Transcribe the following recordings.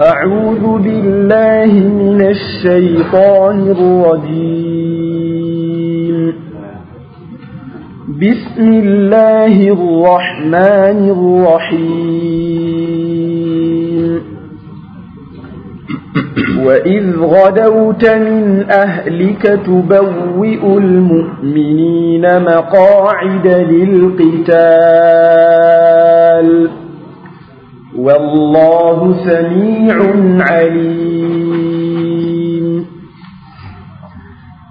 أعوذ بالله من الشيطان الرجيم بسم الله الرحمن الرحيم وإذ غدوت من أهلك تبوئ المؤمنين مقاعد للقتال والله سميع عليم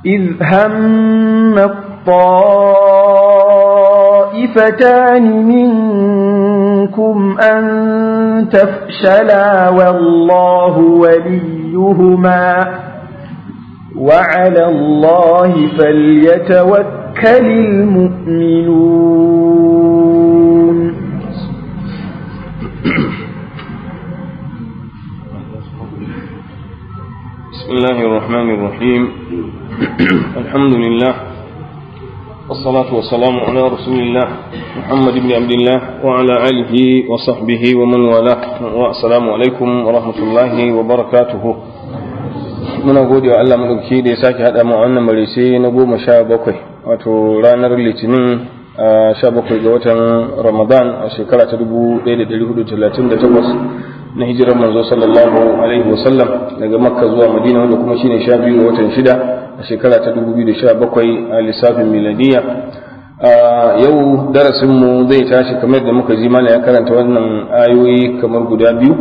إذ هم الطائفتان منكم أن تفشلا والله وليهما وعلى الله فليتوكل المؤمنون بسم الله الرحمن الرحيم الحمد لله والصلاة والسلام على رسول الله محمد بن عبد الله وعلى آله وصحبه ومن والاه والسلام عليكم ورحمة الله وبركاته من أقول يا الله من da ya هذا haɗa مريسي a wannan marece na 17 ga watan Ramadan a shekara ta 1438 na hijirar manzo sallallahu alaihi wasallam daga Makka zuwa Madina wanda kuma shine biyu ga watan shida a shekara ta 2017 a lissafin miladiya yau darasinmu zai tashi kamar da muka ji mana ya karanta wannan ayoyi kamar guda biyu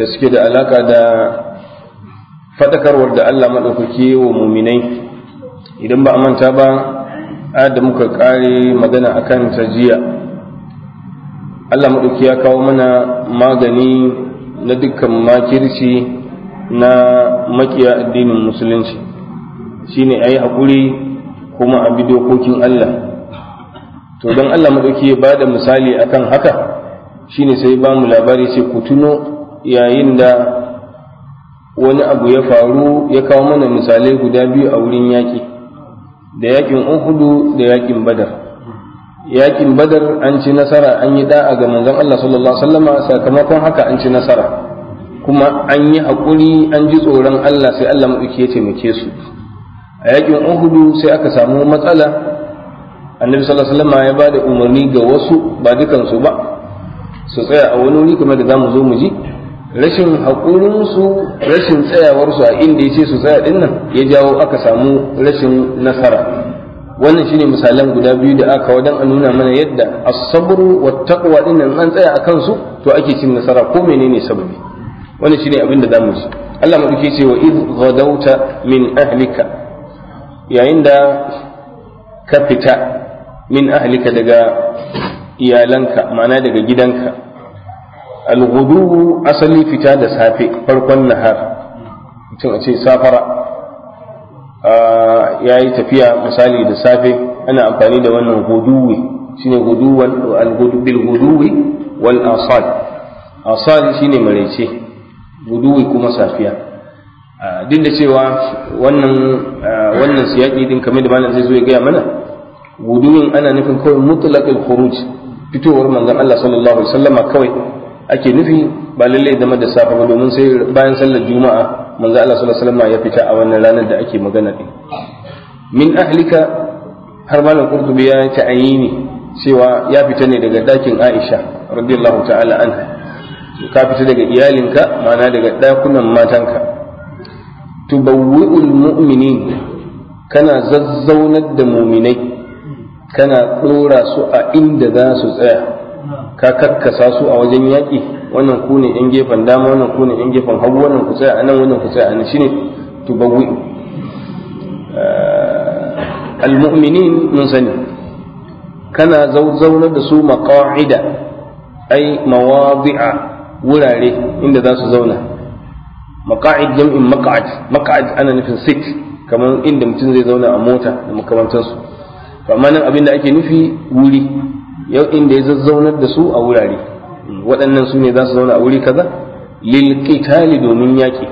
da suke da alaka da faɗakarwar da Allah maɗaukaki wa muminai idan ba a manta ba da muka kare magana a kan jiya Allah maɗauki ya kawo mana magani na dukkan makirci na makiya addinin musulunci shine a yi haƙuri kuma a bi dokokin Allah to don Allah maɗauki ya ba da misali akan haka shine sai ba mu labari sai ku tuno yayin da wani abu ya faru ya kawo mana misalai guda biyu a wurin yaƙi da yakin uhudu da yakin badar yakin badar an ci nasara an yi da'a ga manzon Allah sallallahu alaihi wasallama sakamakon haka an ci nasara kuma an yi hakuri an ji tsoron Allah sai Allah maɗauki ya taimake su a yakin uhudu sai aka samu matsala annabi sallallahu alaihi wasallama ya bada umarni ga wasu ba dukansu ba su tsaya a wani wuri kuma da zamu zo mu ji rashin haƙurinsu rashin tsayawarsu a inda ya ce su tsaya ɗin ya jawo aka samu rashin nasara wannan shine misalan guda biyu da aka wadan a nuna mana yadda a sabru wa taqwa ɗin an tsaya a kansu to ake cin nasara ko menene sababi wannan shine abin da zamu ci Allah ma ce wa id ghadawta min ahlika yayin da ka fita min ahlika daga iyalanka ma'ana daga gidanka al asali fita da safe farkon nahar mutum a ce safara ya yi tafiya misali da safe ana amfani da wannan guduwi shi ne al-gudu bil guduwi wal asal asal shine maraice guduwi kuma safiya duk da cewa wannan wannan siyaki din kamar da malam zai zo ya gaya mana guduwin ana nufin kawai mutlaqil khuruj fitowar manzon Allah sallallahu alaihi wasallama kawai ake nufi ba lalle da da safa ba domin sai bayan sallar juma'a manzo Allah sallallahu alaihi wasallam ya fita a wannan ranar da ake magana din min ahlika har malam qurtubi ya ta ayini cewa ya fita ne daga dakin Aisha radiyallahu ta'ala anha ka fita daga iyalinka ma'ana daga dakunan matanka tubawwi'ul mu'minin kana zazzaunar da muminai kana tsora su a inda za su tsaya ka kakkasa su a wajen yaƙi wannan ku ne yan gefen dama wannan ku ne yan gefen hagu wannan ku tsaya a nan wannan ku tsaya a nan shine eh, al-mu'minin mun sani kana zauzauna da su maqa'ida ai mawadi'a wurare inda za su zauna maqa'id jam'in maq'ad maq'ad ana nufin sit kamar inda mutum zai zauna a mota da makamantansu amma nan abin da ake nufi wuri yau inda ya zazzaunar da su a wurare waɗannan su ne za su zauna a wuri kaza lil qitali domin yaƙi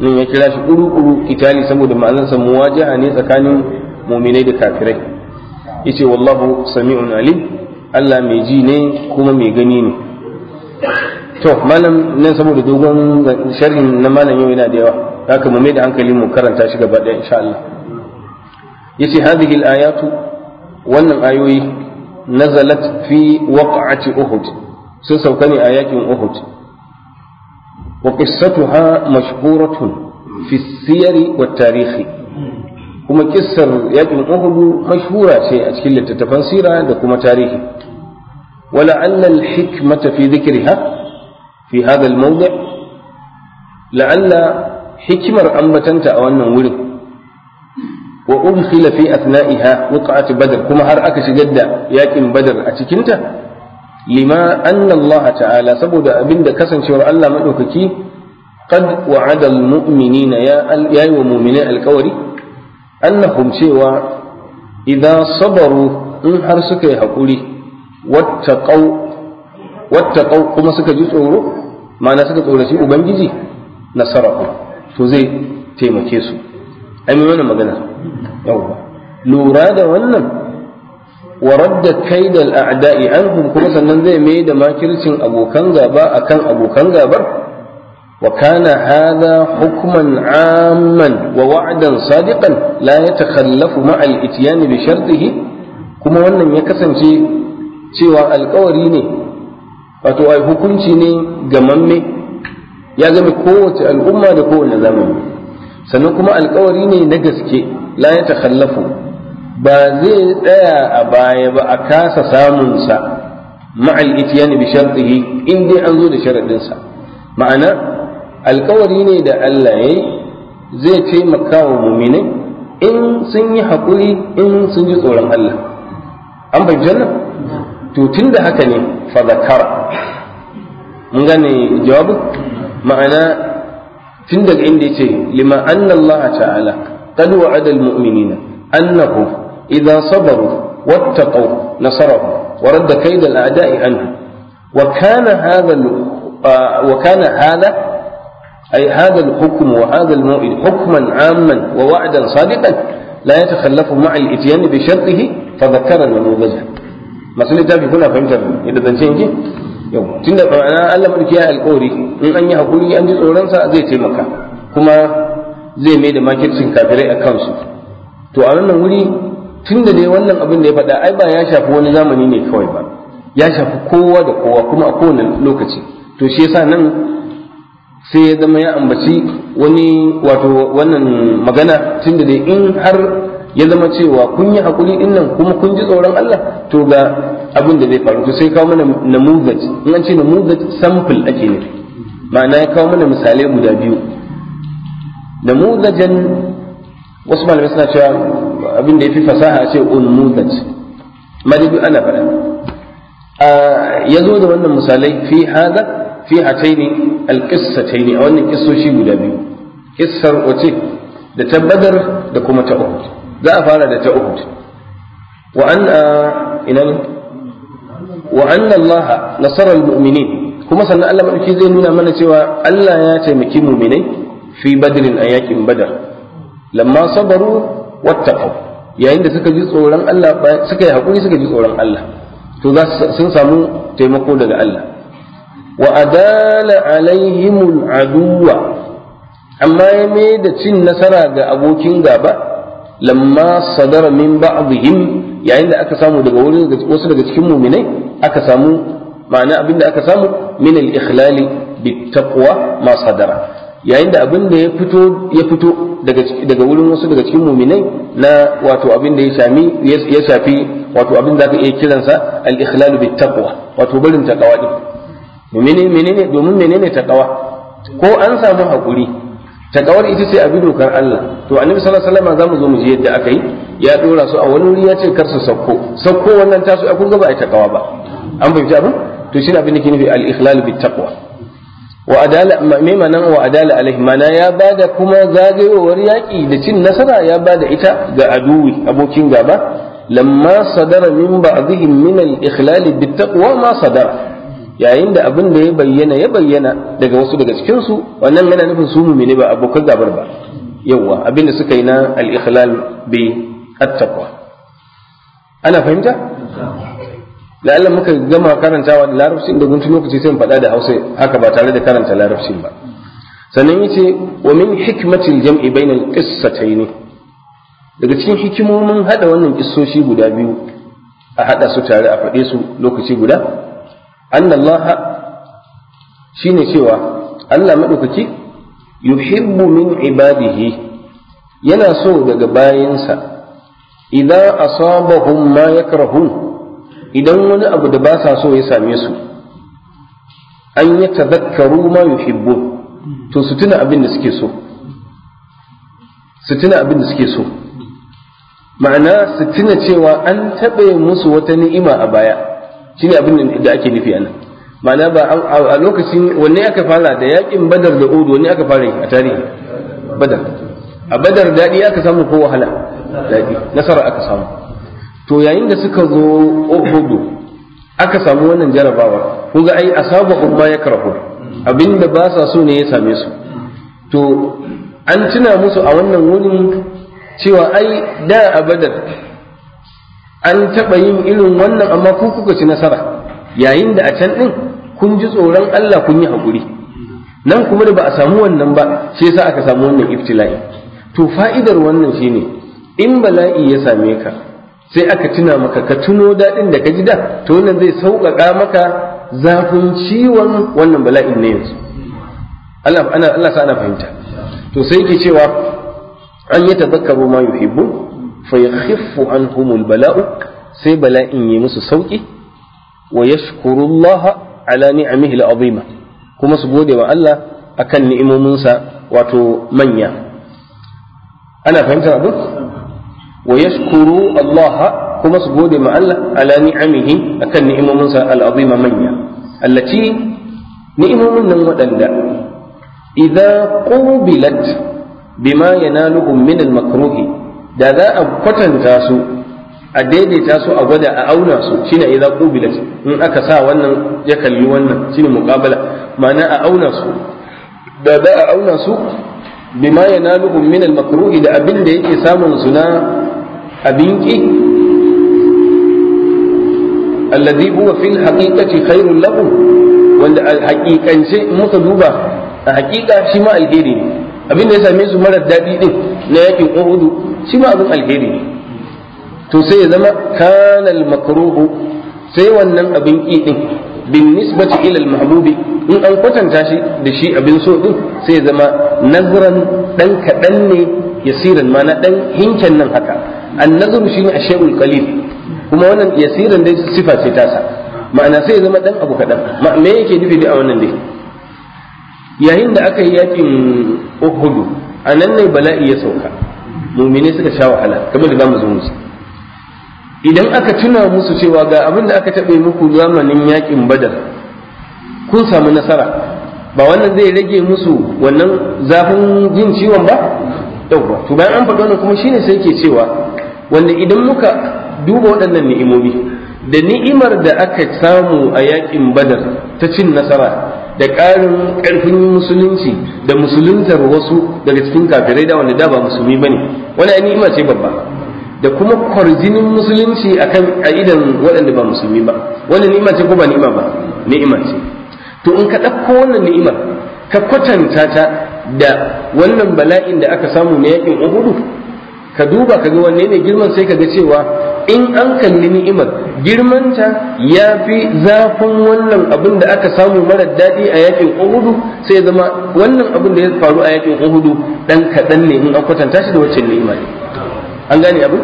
nan ya kira shi ƙuru-ƙuru qitali saboda ma'anarsa muwajaha ne tsakanin muminai da kafirai yace wallahu sami'un alim Allah mai ji ne kuma mai gani ne to malam nan saboda dogon sharhin na malam yau yana da yawa haka mu mai da hankali mu karanta shi gaba ɗaya insha Allah yace hadhihi al-ayatu wannan ayoyi نزلت في وقعة أُحد سوكاني آيات أهد وقصتها مشهورة في السير والتاريخ كما قصة آيات أُحد مشهورة في أشكال التفسير عندكم تاريخ ولعل الحكمة في ذكرها في هذا الموضع لعل حكمة أنبتنت أو أن ولد wa udkhila fi athna'iha wuqa'at badr kuma har aka shigar da yakin badr a cikin ta lima anna Allah ta'ala saboda abinda kasancewar Allah madaukaki qad wa'ada al-mu'minina ya yayi wa mu'minai alƙawari annahum cewa idza sabaru in har suka yi hakuri wattaqau wattaqau kuma suka ji tsoro ma'ana suka tsoraci ubangiji nasarahu to zai taimake su ai mai wannan magana yawa lura da wannan wa radda kaidal a'da'i anhum kuma sannan zai mai da makircin abokan gaba akan abokan gabar wa kana hadha hukman amman wa wa'dan sadiqan la yatakhallafu ma'a al-ityan bi shartihi kuma wannan ya kasance cewa alkawari ne wato ai hukunci ne gamamme ya zama kowace al'umma da kowane zamani sannan kuma alkawari ne na gaske la ya takhallafu ba zai tsaya a baya ba a kasa samun sa ma'al itiyani bi shartihi in dai an zo da sharadin sa ma'ana alkawari ne da Allah yayi zai taimaka wa mu'minai in sun yi hakuri in sun ji tsoron Allah an bai janna to tunda haka ne fa zakara mun gane jawabin ma'ana tun daga inda yace lima anna Allah ta'ala قد وعد المؤمنين أنه إذا صبروا واتقوا نصرهم ورد كيد الأعداء عنه وكان هذا آه، وكان هذا أي هذا الحكم وهذا الموئل حكما عاما ووعدا صادقا لا يتخلف مع الإتيان بشرطه فذكر نموذجه masu littafi kuna fahimtar yadda zance yake yau tunda ma'ana Allah madauki ya alƙawari in an yi hakuri an ji tsoronsa zai taimaka zai mai da makircin kafirai a kansu to a wannan wuri tun da dai wannan abin da ya faɗa ai ba ya shafi wani zamani ne kawai ba ya shafi kowa da kowa kuma a kowane lokaci to shi yasa nan sai ya zama ya ambaci wani wato wannan magana tun da dai in har ya zama cewa kun yi hakuri din nan kuma kun ji tsoron Allah to ga abin da zai faru to sai kawo mana namuzaj in an ce namuzaj sample ake ne ma'ana ya kawo mana misalai guda biyu namuzajan wasu malamai suna cewa abin da ya fi fasaha a ce unnuzaj madadi ana faɗa ya zo da wannan misalai fi hada fi hataini alƙissataini a wannan kissoshi guda biyu kissar wace da tabbadar da kuma ta uhud za a fara da ta uhud wa an Allah nasara muminin kuma sannan Allah madauki zai nuna mana cewa Allah ya taimaki mu'minai fi badrin a yakin badar lamma sabaru wattaqaw yayin da suka ji tsoron Allah suka yi hakuri suka ji tsoron Allah to za sun samu taimako daga Allah wa adala alaihimul aduwa amma ya mai da cin nasara ga abokin gaba lamma sadara min ba'dihim yayin da aka samu daga wurin wasu daga cikin muminai aka samu ma'ana abin da aka samu min al-ikhlali bit taqwa ma sadara yayin da abin da ya fito ya fito daga wurin wasu daga cikin muminai na wato abin da ya shami ya shafi wato abin da ka iya kiransa al-ikhlalu bit taqwa wato barin taqwa din mumini menene domin menene taqwa ko an samu hakuri taqawar ita ce abin dokar Allah to annabi sallallahu alaihi wasallam zamu zo mu ji yadda aka yi ya dora su a wani wuri ya ce kar su sakko sakko wannan tasu a kun ga ba ai taqwa ba an fahimci abin to shi abin da ke nufi al-ikhlalu bit taqwa wa adala me wa adala alaihi mana ya bada kuma zagayowar yaƙi da cin nasara ya bada ita ga aduwi abokin gaba lamma sadara min ba'dihim min al-ikhlal bit ma sadara yayin da abin da ya bayyana ya bayyana daga wasu daga cikin su wannan yana nufin su mumine ba abokan gabar ba yawa abin da suka yi na al-ikhlal bi at-taqwa ana fahimta lalle muka gama karantawa da larabci da gunti lokaci sai mu faɗa da hausa haka ba tare da karanta larabci ba sannan yace wa min hikmatil jam'i bainal qissatayn daga cikin hikimomin hada wannan kissoshi guda biyu a hada su tare a faɗe su lokaci guda annallaha shine cewa Allah madaukaki yuhibbu min ibadihi yana so daga bayansa idan asabahum ma yakrahun idan wani abu da ba sa so ya same su an yi tazakkaru ma yuhibbun to su tuna abin da suke so su tuna abin da suke so ma'ana su tuna cewa an taɓa musu wata ni'ima a baya ne abin da ake nufi nan. ma'ana ba a lokacin wanne aka fara da yakin badar da odu wanne aka fara a tarihi badar a badar daɗi aka samu ko wahala daɗi nasara aka samu to yayin da suka zo uhud aka samu wannan jarabawa kuga ga ai asabahum ma yakrahu abinda ba sa so ne ya same su to an tuna musu a wannan wuni cewa ai da abadan an taɓa yin irin wannan amma ku kuka ci nasara yayin da a can ɗin kun ji tsoron Allah kun yi haƙuri nan kuma da ba a samu wannan ba shi yasa aka samu wannan ibtila'i to fa'idar wannan shine in bala'i ya same ka sai aka tuna maka ka tuno daɗin da ka ji da to wannan zai sauƙaƙa maka zafin ciwon wannan bala'in ne yanzu Allah Allah sa ana fahimta to sai yake cewa an yi tazakkaru ma yuhibbu fa yakhiffu anhumul bala'u sai bala'in yi musu sauƙi wa yashkurullaha ala ni'amihi al'azima kuma su gode wa Allah akan ni'imominsa wato manya ana fahimta abin wa yashkuru Allah kuma su gode ma Allah ala ni'amihi akan ni'imominsa al'azima manya allati ni'imomin nan waɗanda idza qubilat bima yanaluhum min al-makruhi da za a kwatanta su a daidaita su a gwada a auna su shine idza qubilat in aka sa wannan ya kalli wannan shine muqabala ma'ana a auna su da za a auna su bima da yake samun suna. abin ki alladhi huwa fil haqiqati khairul lahu wanda al haqiqance muka duba a haqiqa shi ma alheri ne abin da ya same su marar daɗi din na yakin uhudu shi ma abin alheri ne to sai ya zama kana al makruhu sai wannan abin ƙi din bin nisbati ila al mahbubi in an kwatanta shi da shi abin so din sai ya zama nazran dan kadan ne yasiran mana dan hinken nan haka annazuru shine ashayul qalil kuma wannan yasiran dai sifa ce tasa ma'ana sai zama dan abu kadan me yake nufi da wannan dai yayin da aka yi yakin uhudu a nan ne bala'i ya sauka mumine suka sha wahala kamar da zamu zo musu idan aka tuna musu cewa ga abin da aka taɓe muku zamanin yakin badar kun samu nasara ba wannan zai rage musu wannan zafin jin ciwon ba yauwa to bayan an faɗo wannan kuma shine sai ke cewa wanda idan muka duba waɗannan ni'imomi da ni'imar da aka samu a yakin badar ta cin nasara da ƙarin ƙarfin musulunci da musuluntar wasu daga cikin kafirai da wanda da ba musulmi bane wani ni'ima ce babba da kuma kwarjinin musulunci akan a idan waɗanda ba musulmi ba wani ni'ima ce ko ba ni'ima ba ni'ima ce to in ka ɗauko wannan ni'imar ka kwatanta ta da wannan bala'in da aka samu na yakin uhudu ka duba ka ga wanne ne girman sai ka ga cewa in an kalli ni'imar girmanta ya fi zafin wannan abin da aka samu marar daɗi a yakin uhudu sai zama wannan abin da ya faru a yakin uhudu ɗan kaɗan ne in an kwatanta shi da wacce ni'ima ne an gane abin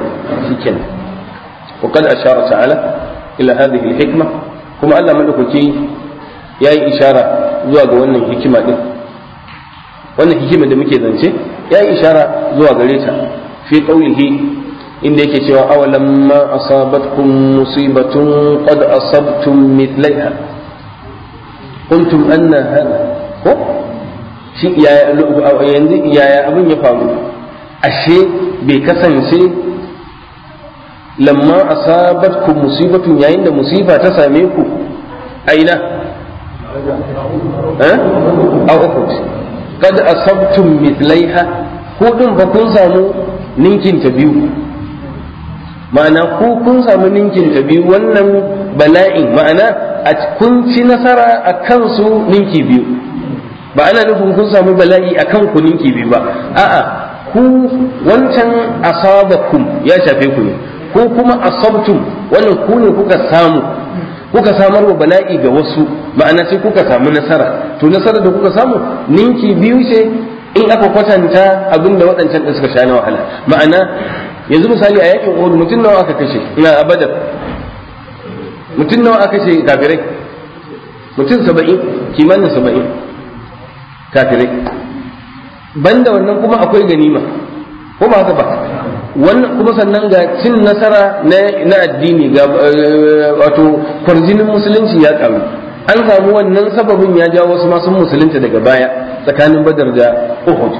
shikenan وقد ashara ta'ala إلى هذه الحكمة hikma kuma Allah ياي ya yi ishara zuwa ga wannan hikima da muke zance ya yi ishara zuwa gare ta في قوله إن يكتوا أولما أصابتكم مصيبة قد أصبتم مثليها قلتم أن هذا يا أو يا يا أبن يفهم أشي بكثن لما أصابتكم مصيبة يا إن مصيبة تساميكم أين أو قد أصبتم مثليها كلهم فكون سامو ninkin ta biyu ma'ana ku kun samu ninkin ta biyu wannan bala'in ma'ana a kun ci nasara a kansu ninki biyu ba ana nufin kun samu bala'i a kan ku ninki biyu ba a'a ku wancan asabakum ya shafe ku ne ko kuma asabtum wannan ku ne kuka samu kuka samar wa bala'i ga wasu ma'ana sai kuka samu nasara to nasarar da kuka samu ninki biyu ce in aka kwatanta abin da waɗancan da suka sha na wahala ma'ana yanzu misali a yakin uhud mutum nawa aka kashe ina a badar mutum nawa aka kashe kafirai mutum saba'in kimanin saba'in kafirai banda wannan kuma akwai ganima ko ba haka ba wannan kuma sannan ga cin nasara na addini ga eh, wato kwarjinin musulunci ya ƙaru an samu wannan sababin ya jawo wasu masu musulunta daga baya tsakanin badar da uhud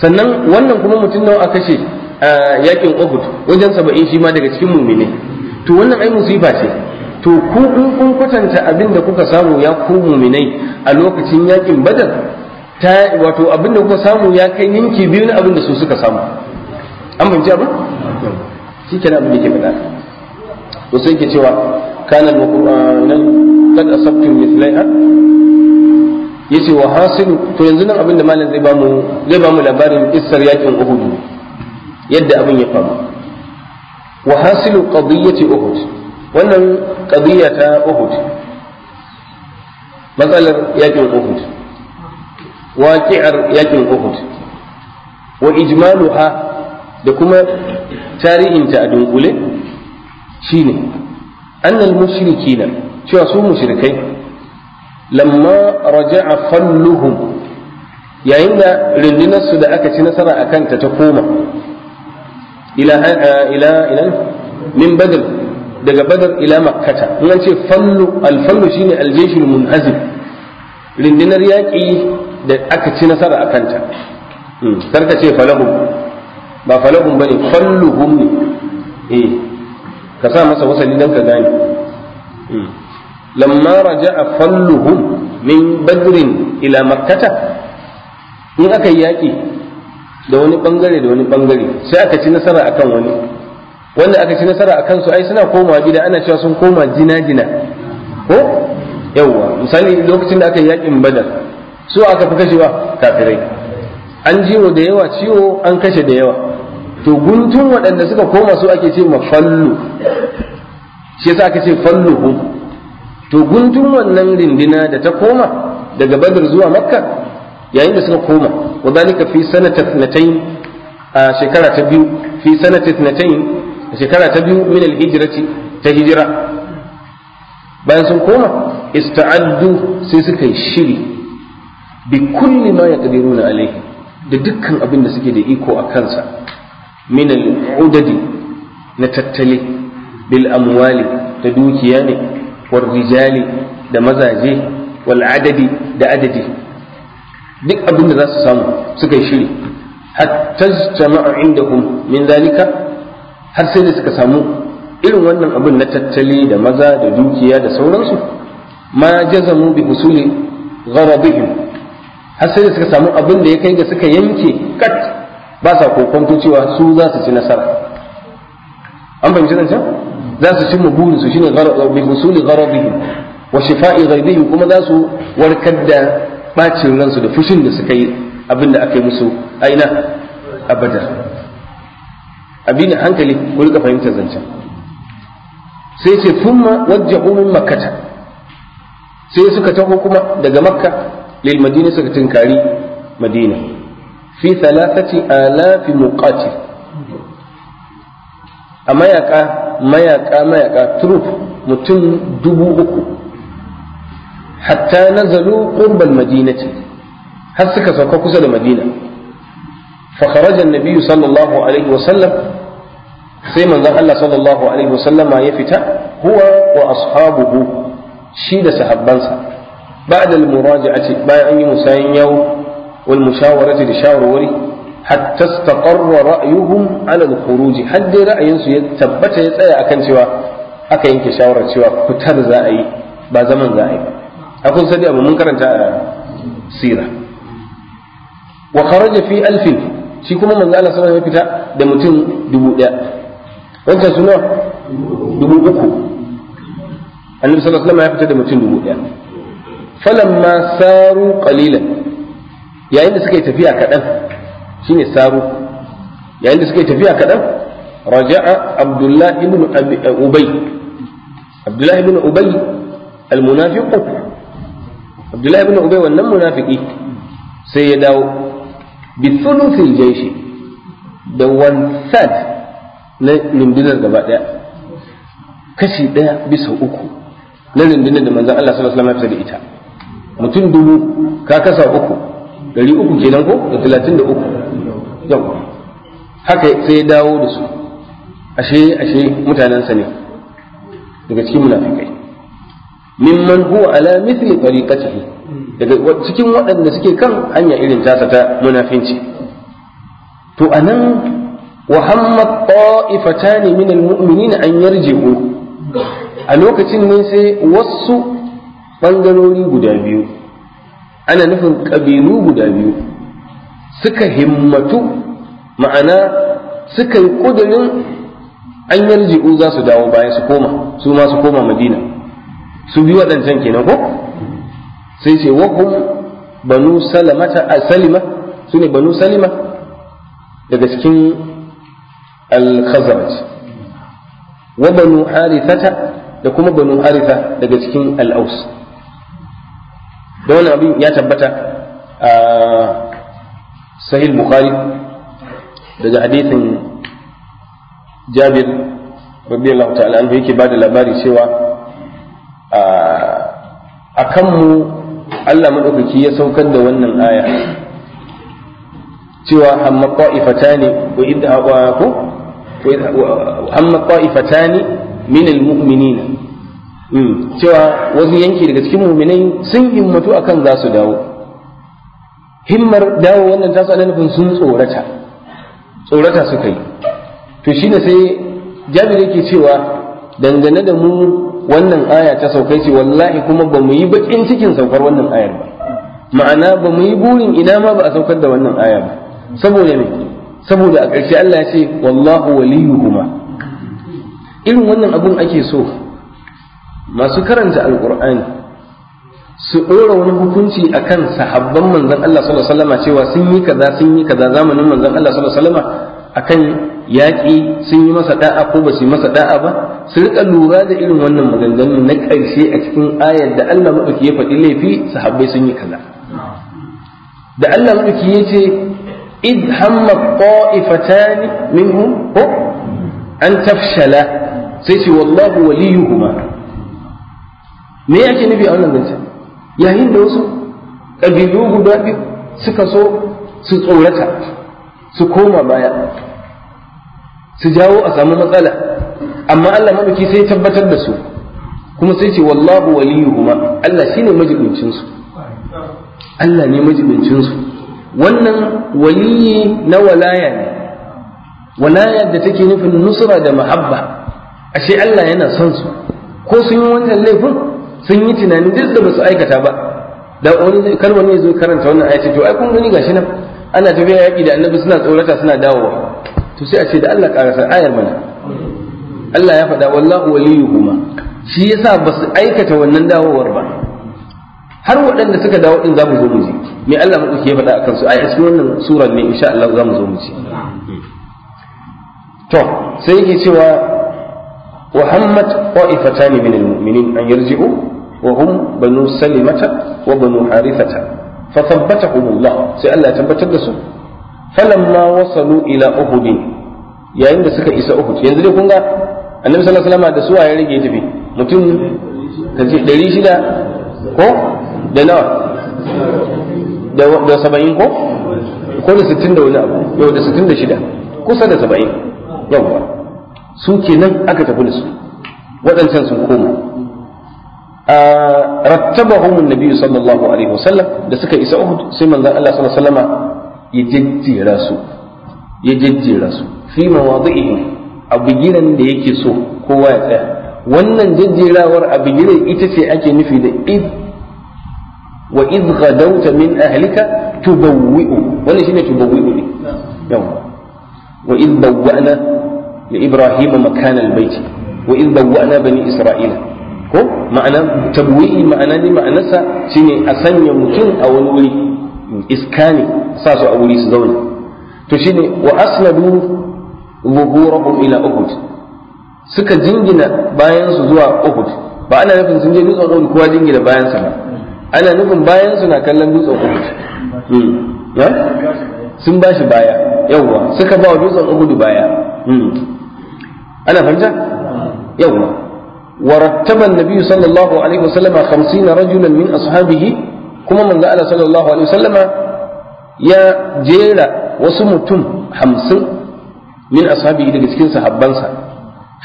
sannan wannan kuma mutum nawa a kashe a yakin uhud wajen saba'in shi ma daga cikin mumine to wannan ai musiba ce to ku kun kwatanta abin da kuka samu ya ku muminai a lokacin yakin badar ta wato abin da kuka samu ya kai ninki biyu na abin da su suka samu an bance abin shi kenan abin da ke faɗa to sai ke cewa kana al-qur'an kad asabtum mithlaiha yace wa hasil to yanzu nan malam zai bamu zai bamu labarin kissar yakin Uhud yadda abin ya faru wa hasilu qadiyyati Uhud wannan qadiyya ta Uhud matsalar yakin Uhud waqi'ar yakin Uhud wa ijmaluha da kuma tarihinta a dunkule shine annal mushrikina cewa su mushrikai lamma raja'a falluhum yayin da rundunarsu da aka ci nasara a kanta ta koma ila eh, ila ila min badr daga badar ila makkata in an ce fallu alfallu shine aljeshul munhazib rundunar yaƙi da aka ci nasara a kanta hmm, Kar ka ce falahum ba falahum bane falluhum ne eh ka sa masa wasali dan ka gane lamma raja'a falluhum min badrin ila makkata in aka yi yaƙi da wani bangare da wani bangare sai aka ci nasara akan wani wanda aka ci nasara akan su ai suna komawa gida ana cewa sun koma jina jina ko yawwa misali lokacin da aka yi yaƙin badar su aka fi kashewa kafirai an jiwo da yawa ciwo an kashe da yawa to guntun waɗanda suka koma su ake ce ma fallu shi yasa aka ce falluhum to guntun wannan rindina da ta koma daga badar zuwa makka yayin da suka koma wa zalika fi sanata thnatayn a shekara ta biyu fi sanata a shekara ta biyu min al-hijrati ta hijira bayan sun koma ista'addu sai suka yi shiri bi kulli ma yaqdiruna alayhi da dukkan abin da suke da iko a kansa min al-udadi na tattali bil amwali da dukiya ne wal rijali da mazaje wal adadi da adadi duk abin da za su samu suka yi shiri hatta jama'a inda kun min zalika har sai da suka samu irin wannan abin na tattali da maza da dukiya da sauransu ma jazamu bi husuli gharadihim har sai da suka samu abin da ya kai ga suka yanke kat ba sa kokon cewa su zasu ci nasara an fahimci za su cimma burin su shine bi husuli gharadihim wa shifa'i ghaidihim kuma za su warkar da bacin ransu da fushin da suka yi abin da aka yi musu aina abada. badar hankali ku rika fahimtar zancen sai ce thumma wajjahu min makkata sai suka taho kuma daga makka lil madina suka tinkari madina fi thalathati alafi muqatil amma yaka mayaka mayaka turuf mutum dubu uku hatta nazalu qurbal madinati har suka sauka kusa da madina fa kharaja annabi sallallahu alaihi wa sallam sai manzon Allah sallallahu alaihi wa sallama ya fita huwa wa ashabuhu shi da sahabbansa ba'da al-muraja'ati bayan an yi musayin yau wal mushawarati da shawarwari hatta istaqarra ra'yuhum 'ala al-khuruj har dai ra'ayin su ya tabbata ya tsaya akan cewa aka yanke shawarar cewa fitar za a yi ba zaman za a yi ba akun sadi abu mun karanta a sira wa kharaja fi alfin shi kuma manzo Allah sallallahu alaihi wasallam ya fita da mutum dubu daya wancan suna dubu uku annabi sallallahu alaihi wasallam ya fita da mutum dubu daya falamma saru qalilan yayin da suka yi tafiya kaɗan shine saru yayin da suka yi tafiya kaɗan raja'a abdullahi ibn eh, ubay abdullahi ibn ubay almunafiq abdullahi ibn ubay wannan munafiki sai ya dawo bi thuluthil jayshi da one third na rundunar gaba daya kashi daya bisa uku na rundunar da manzon Allah sallallahu alaihi wasallam ya da ita mutum dubu ka kasa uku dari uku kenan ko da talatin da uku yawa haka sai ya dawo da su ashe ashe mutanensa ne daga cikin munafikai mimman huwa ala mithli tariqatihi daga cikin waɗanda suke kan hanya irin tasa ta munafinci to anan wa hammat ta'ifatan min almu'minin an yarji'u a lokacin ne sai wasu bangarori guda biyu ana nufin ƙabilu guda biyu suka himmatu ma'ana suka yi ƙudurin an za su dawo bayan su koma su ma su koma madina su bi waɗancan kenan ko sai ce kun banu salamata a salima su ne banu salima daga cikin al wa banu harithata da kuma banu haritha daga cikin al-aus da wani abin ya tabbata a sahih bukhari daga hadisin jabir radiyallahu ta'ala anhu yake bada labari cewa a mu Allah madaukaki ya saukar da wannan aya cewa hamma qa'ifatani wa aqwaqu ko hamma qa'ifatani min almu'minin hmm, cewa wasu yanki daga cikin mu'minai sun himmatu akan za su dawo himmar dawo wannan ta ala nufin sun tsorata tsorata suka yi to shine sai jabir yake cewa dangane da mu wannan aya ta saukai ce wallahi kuma ba mu yi bakin cikin saukar wannan ayar ba ma'ana ba mu yi burin ina ma ba a saukar da wannan aya ba saboda me saboda a ƙarshe Allah ya ce wallahu waliyuhuma irin wannan abun ake so masu karanta alqur'ani su ɗora wani hukunci a kan sahabban manzan Allah sallallahu alaihi wasallam cewa sun yi kaza sun yi kaza zamanin manzan Allah sallallahu alaihi wasallam akan yaƙi sun yi masa da'a ko ba su yi masa da'a ba su riƙa lura da irin wannan maganganu na ƙarshe a cikin ayar da Allah maɗauki ya faɗi laifi sahabbai sun yi kaza da Allah maɗauki ya ce id hamma qa'ifatan minhum ko an tafshala sai ce wallahu waliyuhuma me yake nufi a wannan zancen yayin da wasu ƙabilu guda biyu suka so su tsorata su koma baya su jawo a samu matsala amma Allah mabuki sai tabbatar da su kuma sai ce wallahu waliyuhuma Allah shine majibincin su Allah ne majibincin su wannan waliyi na walaya ne walaya da take nufin nusra da mahabba ashe Allah yana son su ko sun yi wannan laifin sun yi tunanin duk da su aikata ba da wani kar wani zo karanta wannan ayati to ai kun gani gashi nan ana tafiya yaki da annabi suna tsorata suna dawowa to sai a ce da Allah karasa ayar mana Allah ya faɗa wallahu waliyuhuma shi yasa su aikata wannan dawowar ba har waɗanda suka dawo din zamu zo mu ji me Allah mu ya faɗa akan su a cikin wannan surar ne insha Allah zamu zo mu ji to sai yake cewa wa hammat qa'ifatan min al-mu'minin an yarji'u وهم بنو سلمة وبنو حارثة فثبتهم الله سألا تبتد سوء فلما وصلوا إلى أهد يا عند سكا إسا أهد ينزل يكون النبي صلى الله عليه وسلم دسوا يا رجي تبي متن kace ɗari shida ko da nawa da saba'in ko ko da sittin da wani abu yau da sittin da shida kusa da saba'in yawwa su kenan aka tafi da su waɗancan sun koma rattabahum annabi sallallahu alaihi wasallam da suka isa Uhud sai manzon Allah sallallahu alaihi wasallama ya jejjera su ya jejjera su fi mawadi'ihim a bigiran da yake so kowa ya tsaya wannan jejjerawar a bigiran ita ce ake nufi da id wa id ghadawta min ahlika tubawwi'u wannan shine tubawwi'u ne yawa wa id bawwa'na li ibrahima makana albayt wa id bawwa'na bani isra'ila ko ma'ana tabwi'i ma'ana ne ma'anarsa shine a sanya mutum a wani wuri iskani sa su a wuri su zauna to shine wa asnadu zuhurahum ila uhud suka jingina bayan su zuwa uhud ba ana nufin sun je dutsen uhud kowa jingina bayan sa ba ana nufin bayan su na kallon dutsen uhud hmm. sun ba shi baya yawwa suka ba wa dutsen uhud baya hmm. ana fahimta yawwa ورتب النبي صلى الله عليه وسلم خمسين رجلا من أصحابه كما من قال صلى الله عليه وسلم يا جيلا وسمتم خمسين من أصحابه إذا كسكين سحبانسا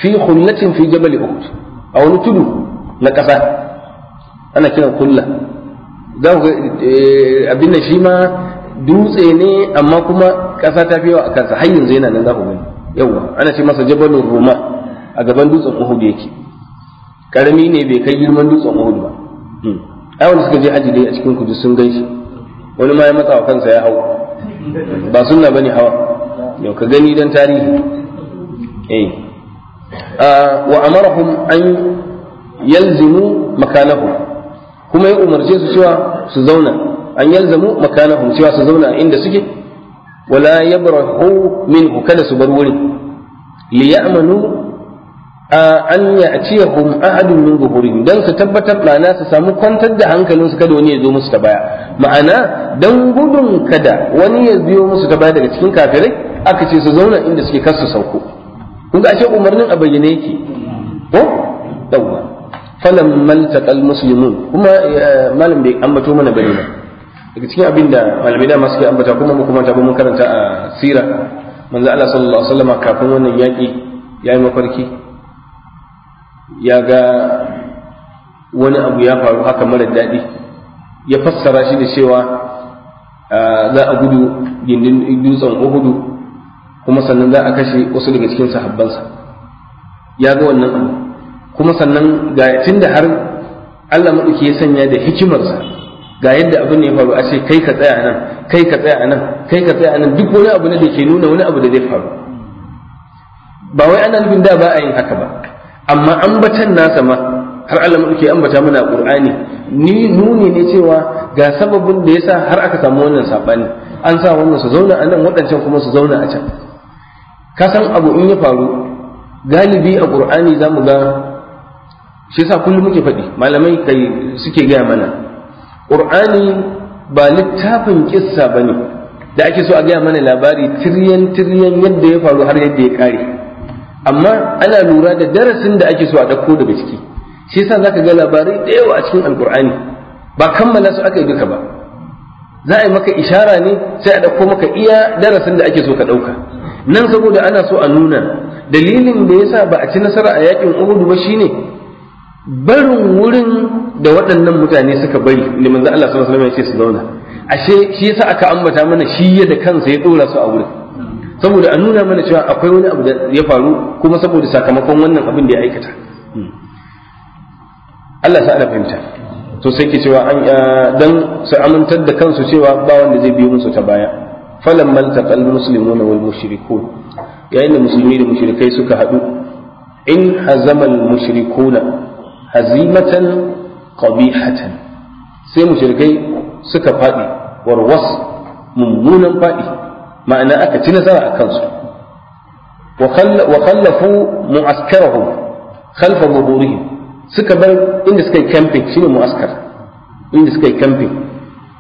في خلة في جبل أحد أو نتدو نكسا أنا كنا خلة za ku abin da shi ma dutse ne amma kuma ƙasa ta fi yawa a kansa har yanzu yana nan za ku gani yawa ana ce masa jabalin roma a gaban dutsen uhud yake karami ne bai kai girman dutsen Uhud ba hmm. ai wanda suka je aji dai a cikin kudu sun gaishe wani ma ya matsa wa kansa ya hau ba sunna bane hawa yau ka gani dan tarihi eh ah, wa amarahum an yalzimu makanahum kuma ya umarce su cewa su zauna an yalzamu makanahum cewa su zauna inda suke wala yabrahu minhu kada su bar wurin li ya'manu an ya ce hum ahadun min zuhurihim dan su tabbatar ma'ana su samu kwantar da su kada wani ya zo musu ta baya ma'ana dan gudun kada wani ya biyo musu ta baya daga cikin kafirai aka ce su zauna inda suke kasu sauko kun ga ashe umarnin a bayyane yake ko dawwa falam maltaqal muslimun kuma eh, malam bai ambato mana bane ba daga cikin abin da malami da masu ke ambata kuma mu kuma ta mun karanta a sira manzo Allah sallallahu alaihi wasallam kafin wannan yaki yayi mafarki ya ga wani abu ya faru haka mara daɗi ya fassara shi da cewa za a gudu gindin dutsen uhudu kuma sannan za a kashe wasu daga cikin sahabbansa ya ga wannan abu kuma sannan ga tun da har Allah maɗauki ya sanya da hikimarsa ga yadda abin ne ya faru a ce kai ka tsaya nan kai ka tsaya nan kai ka tsaya nan duk wani abu ne da ke nuna wani abu da zai faru ba wai ana nufin da ba a yin haka ba amma ambatan nasa ma har Allah muke ambata mana Qur'ani ni nuni ne cewa ga sababin da yasa har aka samu wannan sabani an sa wannan su zauna a nan waɗancan kuma su zauna a can ka san abu in ya faru galibi a Qur'ani mu ga shi yasa kullum muke faɗi malamai kai suke gaya mana Qur'ani ba littafin kissa bane da ake so a gaya mana labari tiryan tiryan yadda ya faru har yadda ya kare amma ana lura da darasin da ake so a ɗauko daga ciki shi yasa zaka ga labarai da yawa a cikin alkur'ani ba kammala su aka yi duka ba za a yi maka ishara ne sai a ɗauko maka iya darasin da ake so ka ɗauka nan saboda ana so a nuna dalilin da yasa ba a ci nasara a yakin uhudu ba shine barin wurin da waɗannan mutane suka bari da manzo Allah sallallahu alaihi wasallam ya ce su zauna ashe shi yasa aka ambata mana shi da kansa ya dora su a wurin saboda a nuna mana cewa akwai wani abu da ya faru kuma saboda sakamakon wannan abin da ya aikata Allah sa fahimta to sai ke cewa an dan su amintar da kansu cewa ba wanda zai biyo musu ta baya falan man taqal muslimuna wal mushrikun yayin da musulmi da mushrikai suka haɗu in hazama mushirikuna mushrikuna hazimatan qabihatan sai mushrikai suka faɗi warwas mummunan faɗi ma'ana aka ci nasara a kansu wa khallafu mu'askarahum khalfa zuhurihim suka bar inda suka yi camping shine mu'askar inda suka yi camping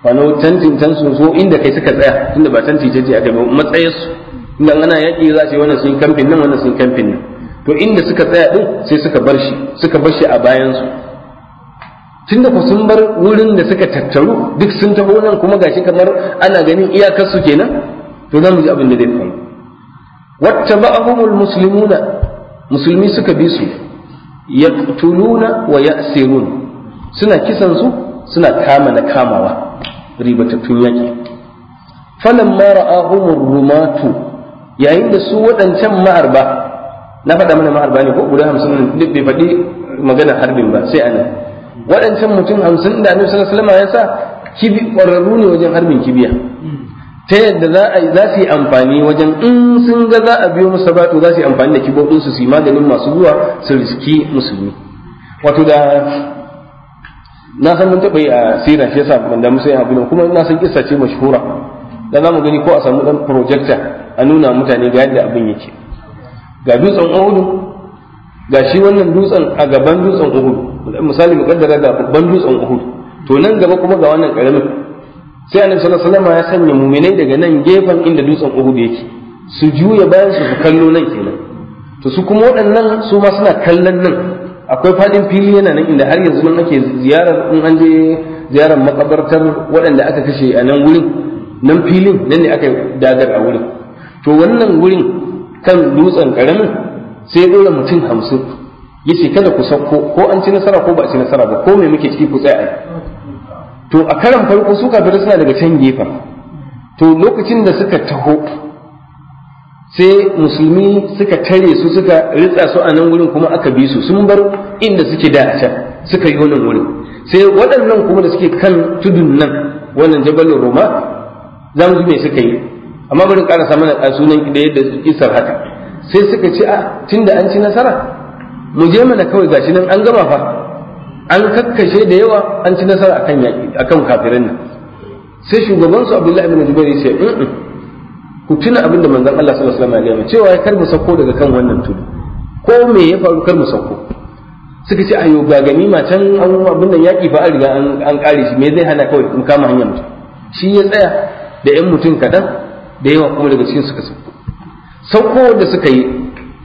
wani tantin sun so inda kai suka tsaya tunda ba tantin jeje a gaba matsayin su inda ana yaƙi za ce wannan sun kamfin nan wannan sun kamfin nan to inda suka tsaya din sai suka bar shi suka bar shi a bayan su tunda ku sun bar wurin da suka tattaru duk sun taho nan kuma gashi kamar ana ganin iyakar su kenan to za mu ji abin da zai faru wattaba'ahumul muslimuna musulmi suka bi su yaqtuluna wa ya'sirun suna kisan su suna kama na kamawa ribatattun yaki ma ra'ahumur rumatu yayin da su waɗancan ma'arba na faɗa mana ma'arba ne ko guda hamsin duk bai faɗi magana harbin ba sai anan waɗancan mutum hamsin da annabi sallallahu alaihi wasallam ya sa kibi ƙwararru ne wajen harbin kibiya ta yadda za a za su yi amfani wajen in sun ga za a biyo musu to za su yi amfani da kibobin su su yi maganin masu zuwa su riski musulmi wato da na san mun taɓa yi a sira shi yasa ban da musayin abin kuma na san kissa ce mashhura da za mu gani ko a samu dan projector a nuna mutane ga yadda abin yake ga dutsen uhudu ga shi wannan dutsen a gaban dutsen uhudu misali mu kaddara ga babban dutsen uhudu to nan gaba kuma ga wannan karamin sai annabi sallallahu alaihi ya sanya muminai daga nan gefen inda dutsen Uhud yake su juya bayan su kallo nan kenan to su kuma waɗannan su ma suna kallon nan akwai fadin fili yana nan inda har yanzu nake ziyarar in an je ziyarar makabartar waɗanda aka kashe a nan wurin nan filin nan ne aka dagar a wurin to wannan wurin kan dutsen karamin sai dole mutum hamsin yace kada ku sauko ko an ci nasara ko ba a ci nasara ba ko me muke ciki ku tsaya to a karan farko su kafirai suna daga can gefen to lokacin da suka taho sai musulmi suka tare su suka ritsa su a nan wurin kuma aka bi su sun bar inda suke da a can suka yi wannan wurin sai waɗannan kuma da suke kan tudun nan wannan jabalin roma za mu ji me suka yi amma bari ƙara samu na sunan da yadda isar haka sai suka ci a ah, tun da an ci nasara mu je mana kawai gashi nan an gama fa an kakkashe da yawa an ci nasara akan yaƙi akan kafirin nan sai shugaban su Abdullahi ibn Jubair ya ce ku tuna abin da manzon Allah sallallahu alaihi wasallam ya cewa kar mu sauko daga kan wannan tudu ko me ya faru kar mu sauko suka ce ayo ga ma can an abin nan yaƙi fa an riga an kare shi me zai hana kawai mu kama hanyar mutum shi ya tsaya da yan mutum kaɗan da yawa kuma daga cikin suka sauko sauko da suka yi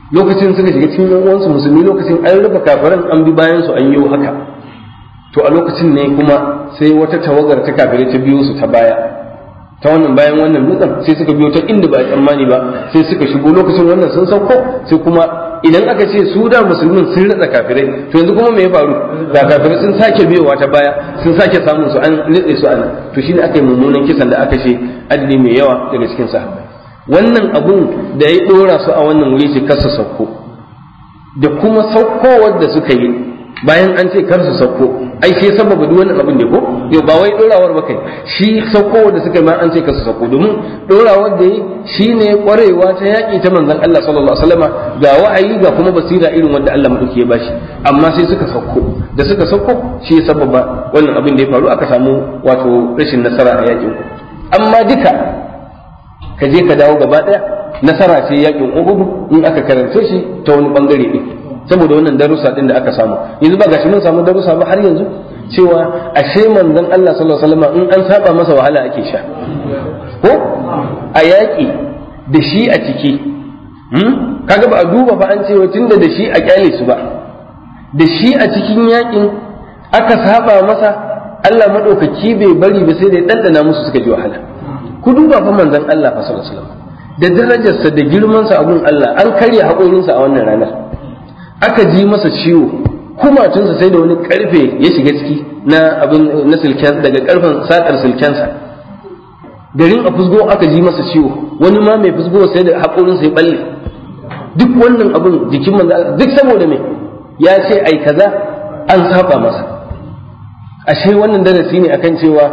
lokacin suka shiga cikin yan uwansu musulmi lokacin an rufe kafaran an bi bayan su an yi haka to a lokacin ne kuma sai wata tawagar ta kafirai ta biyo su ta baya ta wannan bayan wannan dutsen sai suka biyo ta inda ba a tsammani ba sai suka shigo lokacin wannan sun sauko sai kuma idan aka ce su da musulmin sun ritsa kafirai to yanzu kuma me ya faru ga kafirai sun sake biyowa ta baya sun sake samun su an ritse su nan? to shine aka yi mummunan kisan da aka ce adadi mai yawa daga cikin sahabbai wannan abun da ya dora su a wannan wuri sai kasa sauko da kuma saukowar da suka yi bayan an ce kar su sauko ai sai sababa duk wannan abin ne ko yo ba wai dorawar ba kai shi sauko da suka ma an ce kar su sauko domin dorawar da yi shine kwarewa ta yaki ta manzon Allah sallallahu alaihi ga wa'ayi ga kuma basira irin wanda Allah madauki ya bashi amma sai suka sauko da suka sauko shi sababa wannan abin da ya faru aka samu wato rashin nasara a yakin amma duka ka je ka dawo gaba daya nasara ce yakin ku? in aka karanta shi ta wani bangare din saboda wannan darussa din da aka samu yanzu ba gashi mun samu darussa ba har yanzu cewa ashe manzon Allah sallallahu alaihi wasallam in an saba masa wahala ake sha ko a yaƙi da shi a ciki hmm? kaga ba a duba fa an cewa tunda da shi a kyale su ba da shi a cikin yakin aka saba masa Allah madaukaki bai bari ba sai da ya ɗanɗana musu suka ji wahala ku duba fa manzon Allah sallallahu alaihi wasallam da darajarsa da girmansa a gun Allah an karya haƙorinsa a wannan ranar aka ji masa ciwo kumatunsa sai da wani karfe ya shiga ciki na abin na silkensa daga karfen sakar silkensa garin a fusgo aka ji masa ciwo wani ma mai fusgo sai da haƙorin sai balle duk wannan abin jikin manzo duk saboda me ya ce ai kaza an saba masa ashe wannan darasi ne akan cewa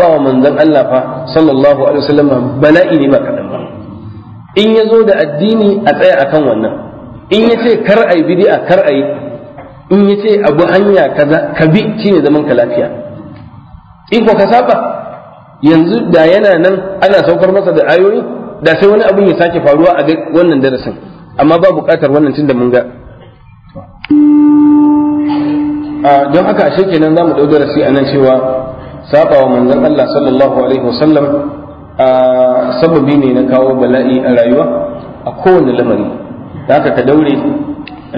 wa manzon Allah fa sallallahu alaihi wasallam bala'i ne ba kadan ba in ya zo da addini a tsaya akan wannan in ya ce kar a yi bidi'a kar a yi in ya ce abu hanya kaza ka bi ne zaman ka lafiya in ko ka saba yanzu da yana nan ana saukar masa da ayoyi da sai wani abun ya sake faruwa a wannan darasin amma ba buƙatar wannan tun da mun ga don haka ashe kenan za mu ɗau darasi a nan cewa saba wa manzon Allah sallallahu alaihi wasallam sababi ne na kawo bala'i a rayuwa a kowane lamari da ka daure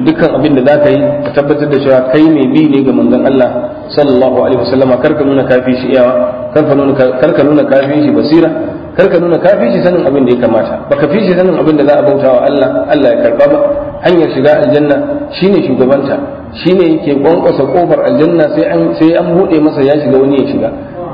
dukkan abin da za ka yi ka tabbatar da cewa kai mai bi ne ga manzon Allah sallallahu alaihi wasallama kar ka nuna kafi shi iyawa kar ka nuna kar nuna kafi shi basira kar ka nuna kafi shi sanin abin da ya kamata baka fi shi sanin abin da za a bauta wa Allah Allah ya karba ba hanyar shiga aljanna shine shugabanta shine yake kwankwasa kofar aljanna sai an sai an bude masa ya shiga wani ya shiga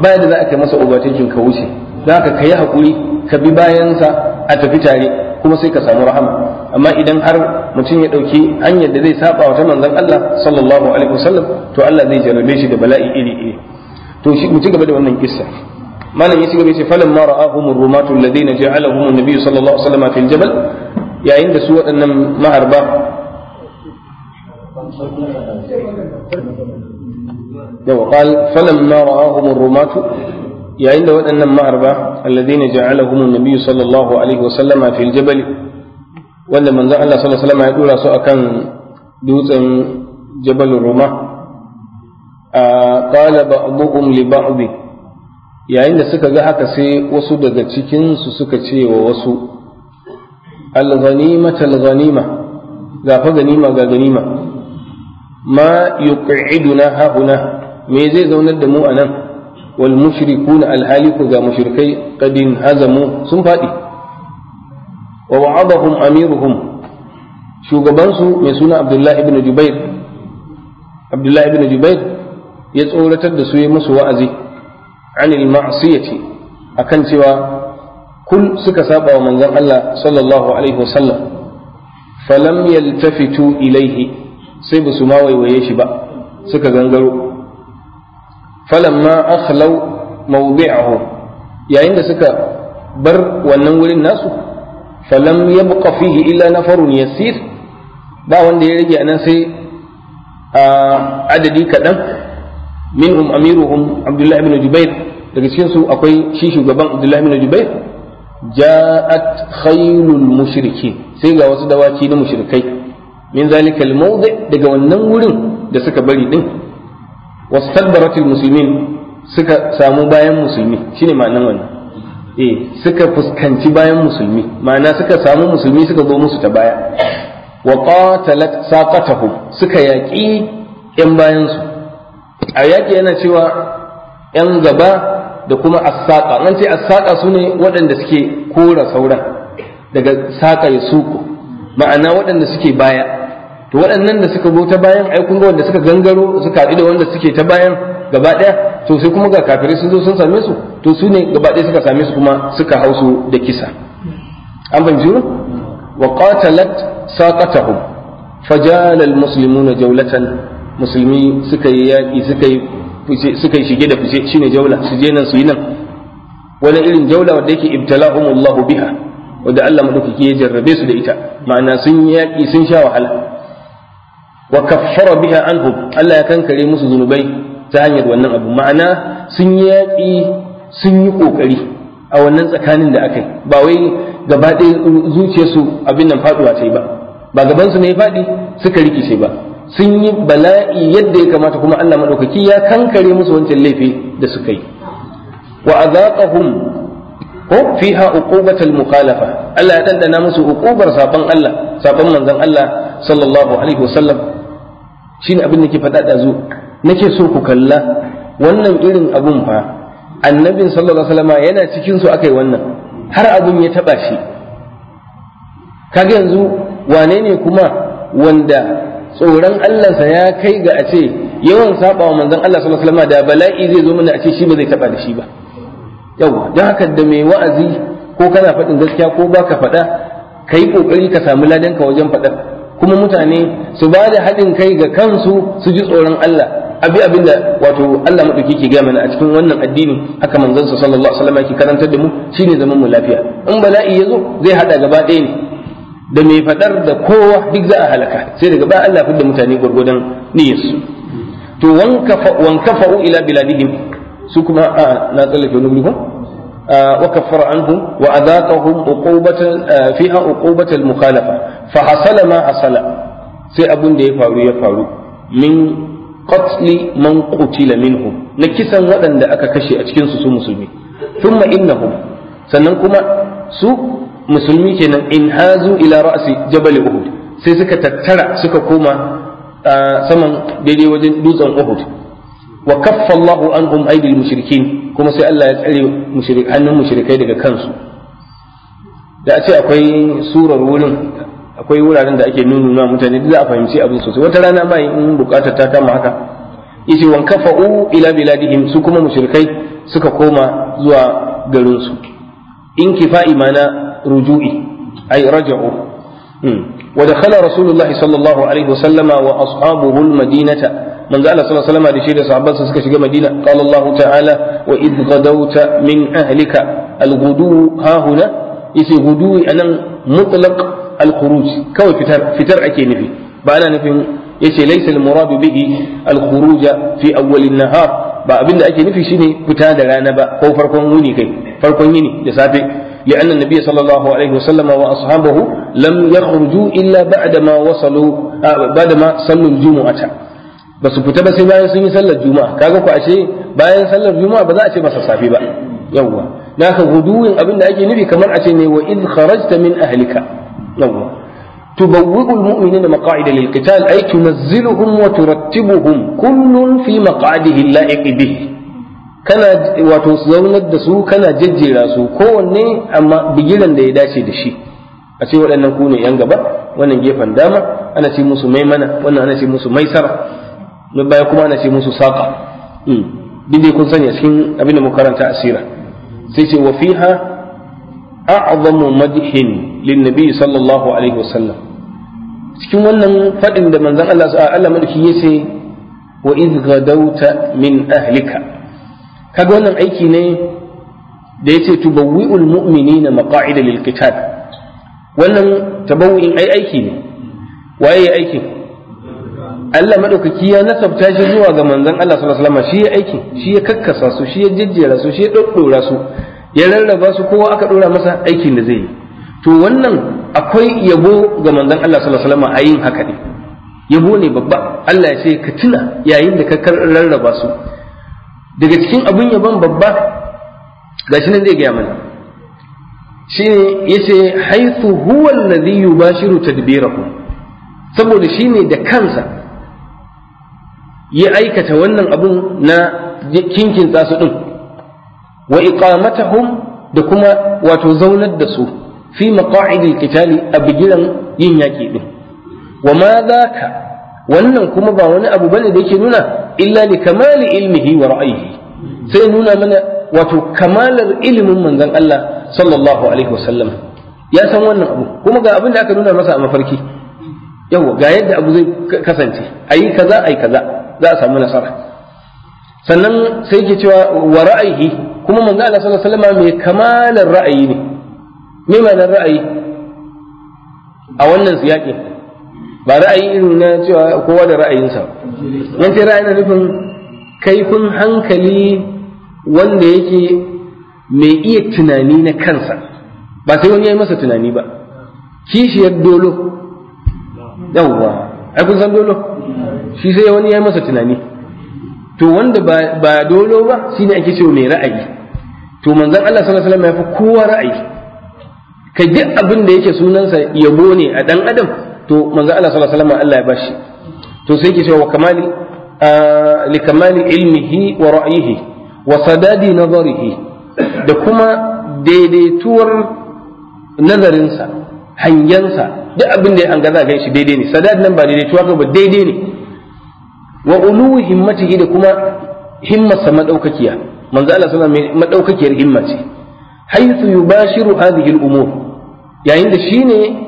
baya da za a kai masa ubatakin ka wuce za ka kai hakuri ka bi bayansa a tafi tare kuma sai ka samu rahama amma idan har mutum ya ɗauki hanyar da zai saba wa ta manzon Allah sallallahu alaihi wasallam to Allah zai jarabe shi da bala'i iri iri to shi mu ci gaba da wannan kissa malam ya ci gaba ce falan ma ra'ahum rumatu alladhina ja'alahum an-nabiy sallallahu alaihi wasallam fil jabal yayin da su waɗannan maharba yawa qal falan ma ra'ahum rumatu yayin da waɗannan maharba alladina ja'alahum an-nabiy sallallahu alaihi wasallam fil jabal wanda manzon Allah sallallahu alaihi wasallam ya dora su akan dutsen Jabal Ruma qala ba'dhum li ba'd yayin da suka ga haka sai wasu daga cikin su suka ce wa wasu al-ghanimata al-ghanima ga fa ganima ga ganima ma yuq'iduna hahuna me zai zaunar da mu anan wal mushrikuna al-haliku ga mushrikai qadin hazamu sun faɗi? wa wa'adahum amiruhum shugabansu mai suna abdullahi ibn jubair abdullahi ibn jubair ya tsoratar da su ya musu wa'azi anil ma'siyati akan cewa kun suka saba wa manzon Allah sallallahu alaihi wasallam falam yaltafitu ilaihi sai ba su ma waiwaye shi ba suka gangaro falamma akhlau mawdi'ahu yayin da suka bar wannan wurin nasu falam yabqa fihi illa na nafarun yasir ba wanda ya rage anan sai adadi kaɗan minhum amiruhum abdullah ibn jubair daga cikin su akwai shi shugaban abdullah ibn jubair ja'at khaylul mushriki sai ga wasu dawaci na mushrikai min zalika al daga wannan wurin da suka bari din wasadbaratul muslimin suka samu bayan musulmi shine ma'anar wannan Eh, suka fuskanci bayan musulmi ma'ana suka samu musulmi suka zo musu ta baya wa qatalat saqatahu suka yaƙi yan bayan su a yaƙi yana cewa yan gaba da kuma as-saqa an ce as-saqa sune waɗanda suke kora sauran daga saqa ya suku ma'ana waɗanda suke baya to waɗannan da suka zo ta bayan ai kun ga wanda suka gangaro suka haɗu da wanda suke ta bayan gaba ɗaya to sai kuma ga kafirai sun zo sun same su to su ne gaba ɗaya suka same su kuma suka hausu da kisa an fahimci ne wa qatalat saqatahum fajala almuslimuna jawlatan musulmi suka yi yaƙi suka yi suka da fice shine jaula su yi nan wani irin jaula wanda yake ibtala'umullahu biha wanda Allah madaukaki ya jarrabe su da ita ma'ana sun yaƙi sun sha wahala wa biha Allah ya kankare musu zunubai ta hanyar wannan abu ma'ana sun yi yaƙi sun yi ƙoƙari a wannan tsakanin da aka yi ba wai gaba ɗaya zuciyarsu abin nan faɗuwa ta yi ba ba gabansu ne faɗi suka rikice ba sun yi bala'i yadda ya kamata kuma Allah maɗaukaki ya kankare musu wancan laifi da suka yi wa azaqahum ko fiha uqubatal mukhalafa Allah ya dandana musu uqubar saban Allah saban manzon Allah sallallahu alaihi wasallam shine abin da ke faɗa da zu nake so ku kalla wannan irin abun fa annabin sallallahu alaihi wasallam yana cikin su akai wannan har abun ya taba shi kaga yanzu wane ne kuma wanda tsoron sa ya kai ga a ce yawan saba wa manzon Allah sallallahu alaihi wasallam da bala'i zai zo mana a ce shi ba zai taba da shi ba Yau, dan haka da mai wa'azi ko kana faɗin gaskiya ko baka faɗa kai kokari ka samu ka wajen faɗa kuma mutane su ba da haɗin kai ga kansu su ji tsoron Allah abi abin da wato Allah madauki ke gaya mana a cikin wannan addini haka manzon sa sallallahu alaihi wasallam yake karantar da mu shine zaman mu lafiya in bala'i yazo zai hada gaba ɗaya ne da mai fadar da kowa duk za a halaka sai daga ba Allah fidda mutane gurgudan niyyarsu to wanka fa wankafa ila biladihim su kuma a na tsallake wani guri ko وكفر عنهم وأذاقهم عقوبة فيها عقوبة المخالفة فحصل ما حصل سي أبن دي فارو يفارو من qatli man qutila minhum na kisan waɗanda aka kashe a cikin su su musulmi thumma innahum sannan kuma su musulmi kenan in hazu ila ra'si jabal uhud sai suka tattara suka koma saman daidai wajen dutsen uhud wa kaffa Allahu anhum aidil mushrikin kuma sai Allah ya tsare mushrik hannun mushrikai daga kansu da a ce akwai surar wurin akwai wuraren da ake nununa mutane duk za a fahimci abin sosai wata rana ma in bukata ta kama haka yace wan kafa'u ila biladihim su kuma mushrikai suka koma zuwa garinsu. in kifa'i mana ruju'i ay raja'u hmm. wa dakhala rasulullah sallallahu alaihi wa sallama wa ashabuhu almadinata manzo Allah sallallahu alaihi da shi suka shiga Madina qala Allah ta'ala wa id ghadawta min ahlika alghudu ha huna yace gudu anan mutlaq الخروج كوي فتر فتر أكي نفي بعد نفي ليس المراد به الخروج في أول النهار بعد أكي نفي شني فتاد لنا بقى فرقون ويني كي فرقون ويني يسافي لأن النبي صلى الله عليه وسلم وأصحابه لم يخرجوا إلا بعدما وصلوا آه، بعدما صلوا الجمعة بس كتب سيما يسيني صلى الجمعة كاكو كأشي بعد صلى الجمعة بدا أشي بس صافي بقى يوه لكن غدو أبن أجي نبي كمان أشي وإذ خرجت من أهلك نور تبوئ المؤمنين مقاعد للقتال أي تنزلهم وترتبهم كل في مقعده اللائق به kana wato zaunar da su kana jejjera su kowanne amma bigiran da ya dace da shi a ce waɗannan ku ne yan gaba wannan gefen dama ana ce musu maimana wannan ana ce musu maisara na baya kuma ana ce musu saƙa duk kun sani a cikin abin da mu karanta asira sai ce wa fiha a'zamu madhin lin nabi sallallahu alaihi wasallam cikin wannan fadin da manzon Allah sallallahu alaihi wasallam yace wa idh gadawta min ahlika kaga wannan aiki ne da yace tubawwi'ul mu'minina maqa'ida lil qital wannan ai aiki ne waye Allah maɗaukaki ya nasabta shi zuwa ga manzon Allah sallallahu alaihi wasallam shi ya aiki, shi ya kakkasa su shi ya jejjera su shi ya ɗaɗɗora su ya rarraba su kowa aka dora masa aikin da zai yi to wannan akwai yabo ga manzon Allah sallallahu alaihi wasallam a yin haka ne yabo ne babba Allah ya ce ka tuna yayin da ka rarraba su daga cikin abun yabon babba gashi nan zai gaya mana shine yace haythu huwa alladhi yubashiru tadbirakum saboda shi ne da kansa ya aikata wannan abun na kinkin tsasu din wa iqamatahum da kuma wato zaunar da su fi maqa'idil qitali a bigiran yin yaki din wa ma zaka wannan kuma ba wani abu bane da yake nuna illa li kamali ilmihi wa ra'ayihi sai nuna mana wato kamalar ilimin manzon Allah sallallahu alaihi wasallam ya san wannan abu kuma ga abin da aka nuna masa a mafarki yawa ga yadda abu zai kasance ayi kaza ayi kaza za a samu nasara sannan sai ke cewa wa ra'ayi kuma manzo Allah sallallahu alaihi wasallam mai kamalar ra'ayi ne me ma'anar ra'ayi a wannan siyaƙin ba ra'ayi irin na cewa kowa da ra'ayinsa yan ce ra'ayi na nufin kaifin hankali wanda yake mai iya tunani na kansa ba sai wani ya yi masa tunani ba kishiyar dolo yawwa ai kun san dolo shi sai wani ya yi masa tunani to wanda ba dolo ba shi ne ake cewa mai ra'ayi to manzon Allah sallallahu alaihi wasallam ya fi kowa ra'ayi kai duk abin da yake sunansa yabo ne a dan adam to manzon Allah sallallahu alaihi wasallam Allah ya bashi to sai yake cewa wa kamali li kamali ilmihi wa ra'yihi wa sadadi nazarihi da kuma daidaituwar nazarinsa hangensa duk abin da ya an gaza gan shi daidai ne sadad nan ba daidaituwa ba daidai ne wa ulu himmatihi da kuma himmarsa madaukakiya manzo Allah suna madaukakiyar himma ce haythu yubashiru hadhihi al-umur yayin da shine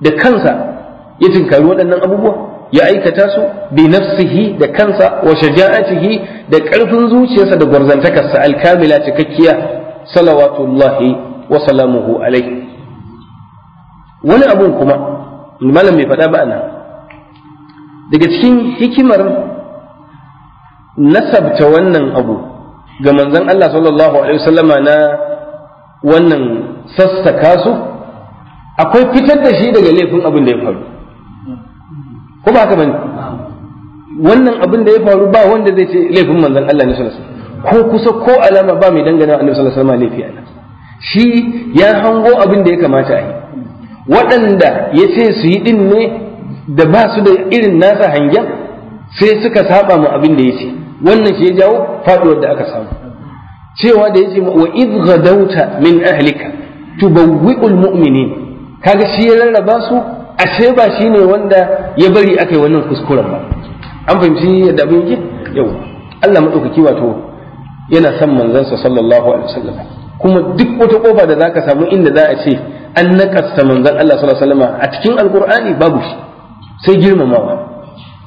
da kansa ya tinkari waɗannan abubuwa ya aikata su bi nafsihi da kansa wa shaja'atihi da ƙarfin zuciyarsa da gwarzantakarsa alkamila cikakkiya salawatullahi wa salamuhu alayhi. wani abun kuma malam mai faɗa ba nan daga cikin hikimar nasabta wannan abu ga manzon Allah sallallahu alaihi wasallama na wannan sassaka su akwai fitar da shi daga laifin abin da ya faru ko ba ka bani wannan abin da ya faru ba wanda zai ce laifin manzon Allah ne sallallahu alaihi wasallam ko kusa ko alama ba mai dangana annabi sallallahu alaihi wasallam laifi Allah shi ya hango abin da ya kamata a yi waɗanda ya ce su yi ɗin ne da ba su da irin nasa hangen sai suka saba mu abin da ya ce. wannan shi ya jawo faɗuwar da aka samu cewa da ya ce wa idh ghadawta min ahlika tubawwi'ul mu'minin kaga shi ya rarraba su ashe ba shi ne wanda ya bari aka yi wannan kuskuren ba an fahimci yadda abin yake yau Allah madaukaki wato yana son manzansa sallallahu alaihi wasallam kuma duk wata kofa da zaka samu inda za a ce an naƙasta manzan Allah sallallahu alaihi wasallam a cikin alqur'ani babu shi sai girmamawa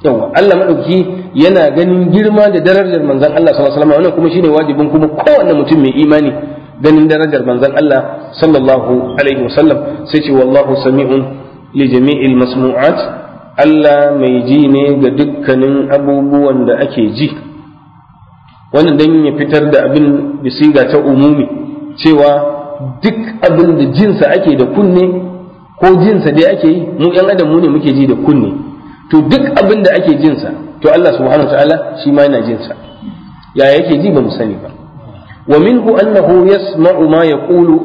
yawa Allah madauki yana ganin girma da darajar manzon Allah sallallahu alaihi wasallam wannan kuma shine wajibin kuma kowanne mutum mai imani ganin darajar manzon Allah sallallahu alaihi wasallam sai ce wallahu sami'un li jami'il masmu'at Allah mai ji ne ga dukkanin abubuwan da ake ji wannan dan ya fitar da abin bisiga ta umumi cewa duk abin da jinsa ake da kunne ko jinsa dai ake yi mu yan adam mu ne muke ji da kunne to duk abin da ake jinsa to Allah subhanahu ta'ala shi ma yana jinsa ya yake ji ba mu sani ba wa minhu annahu yasma'u ma yaqulu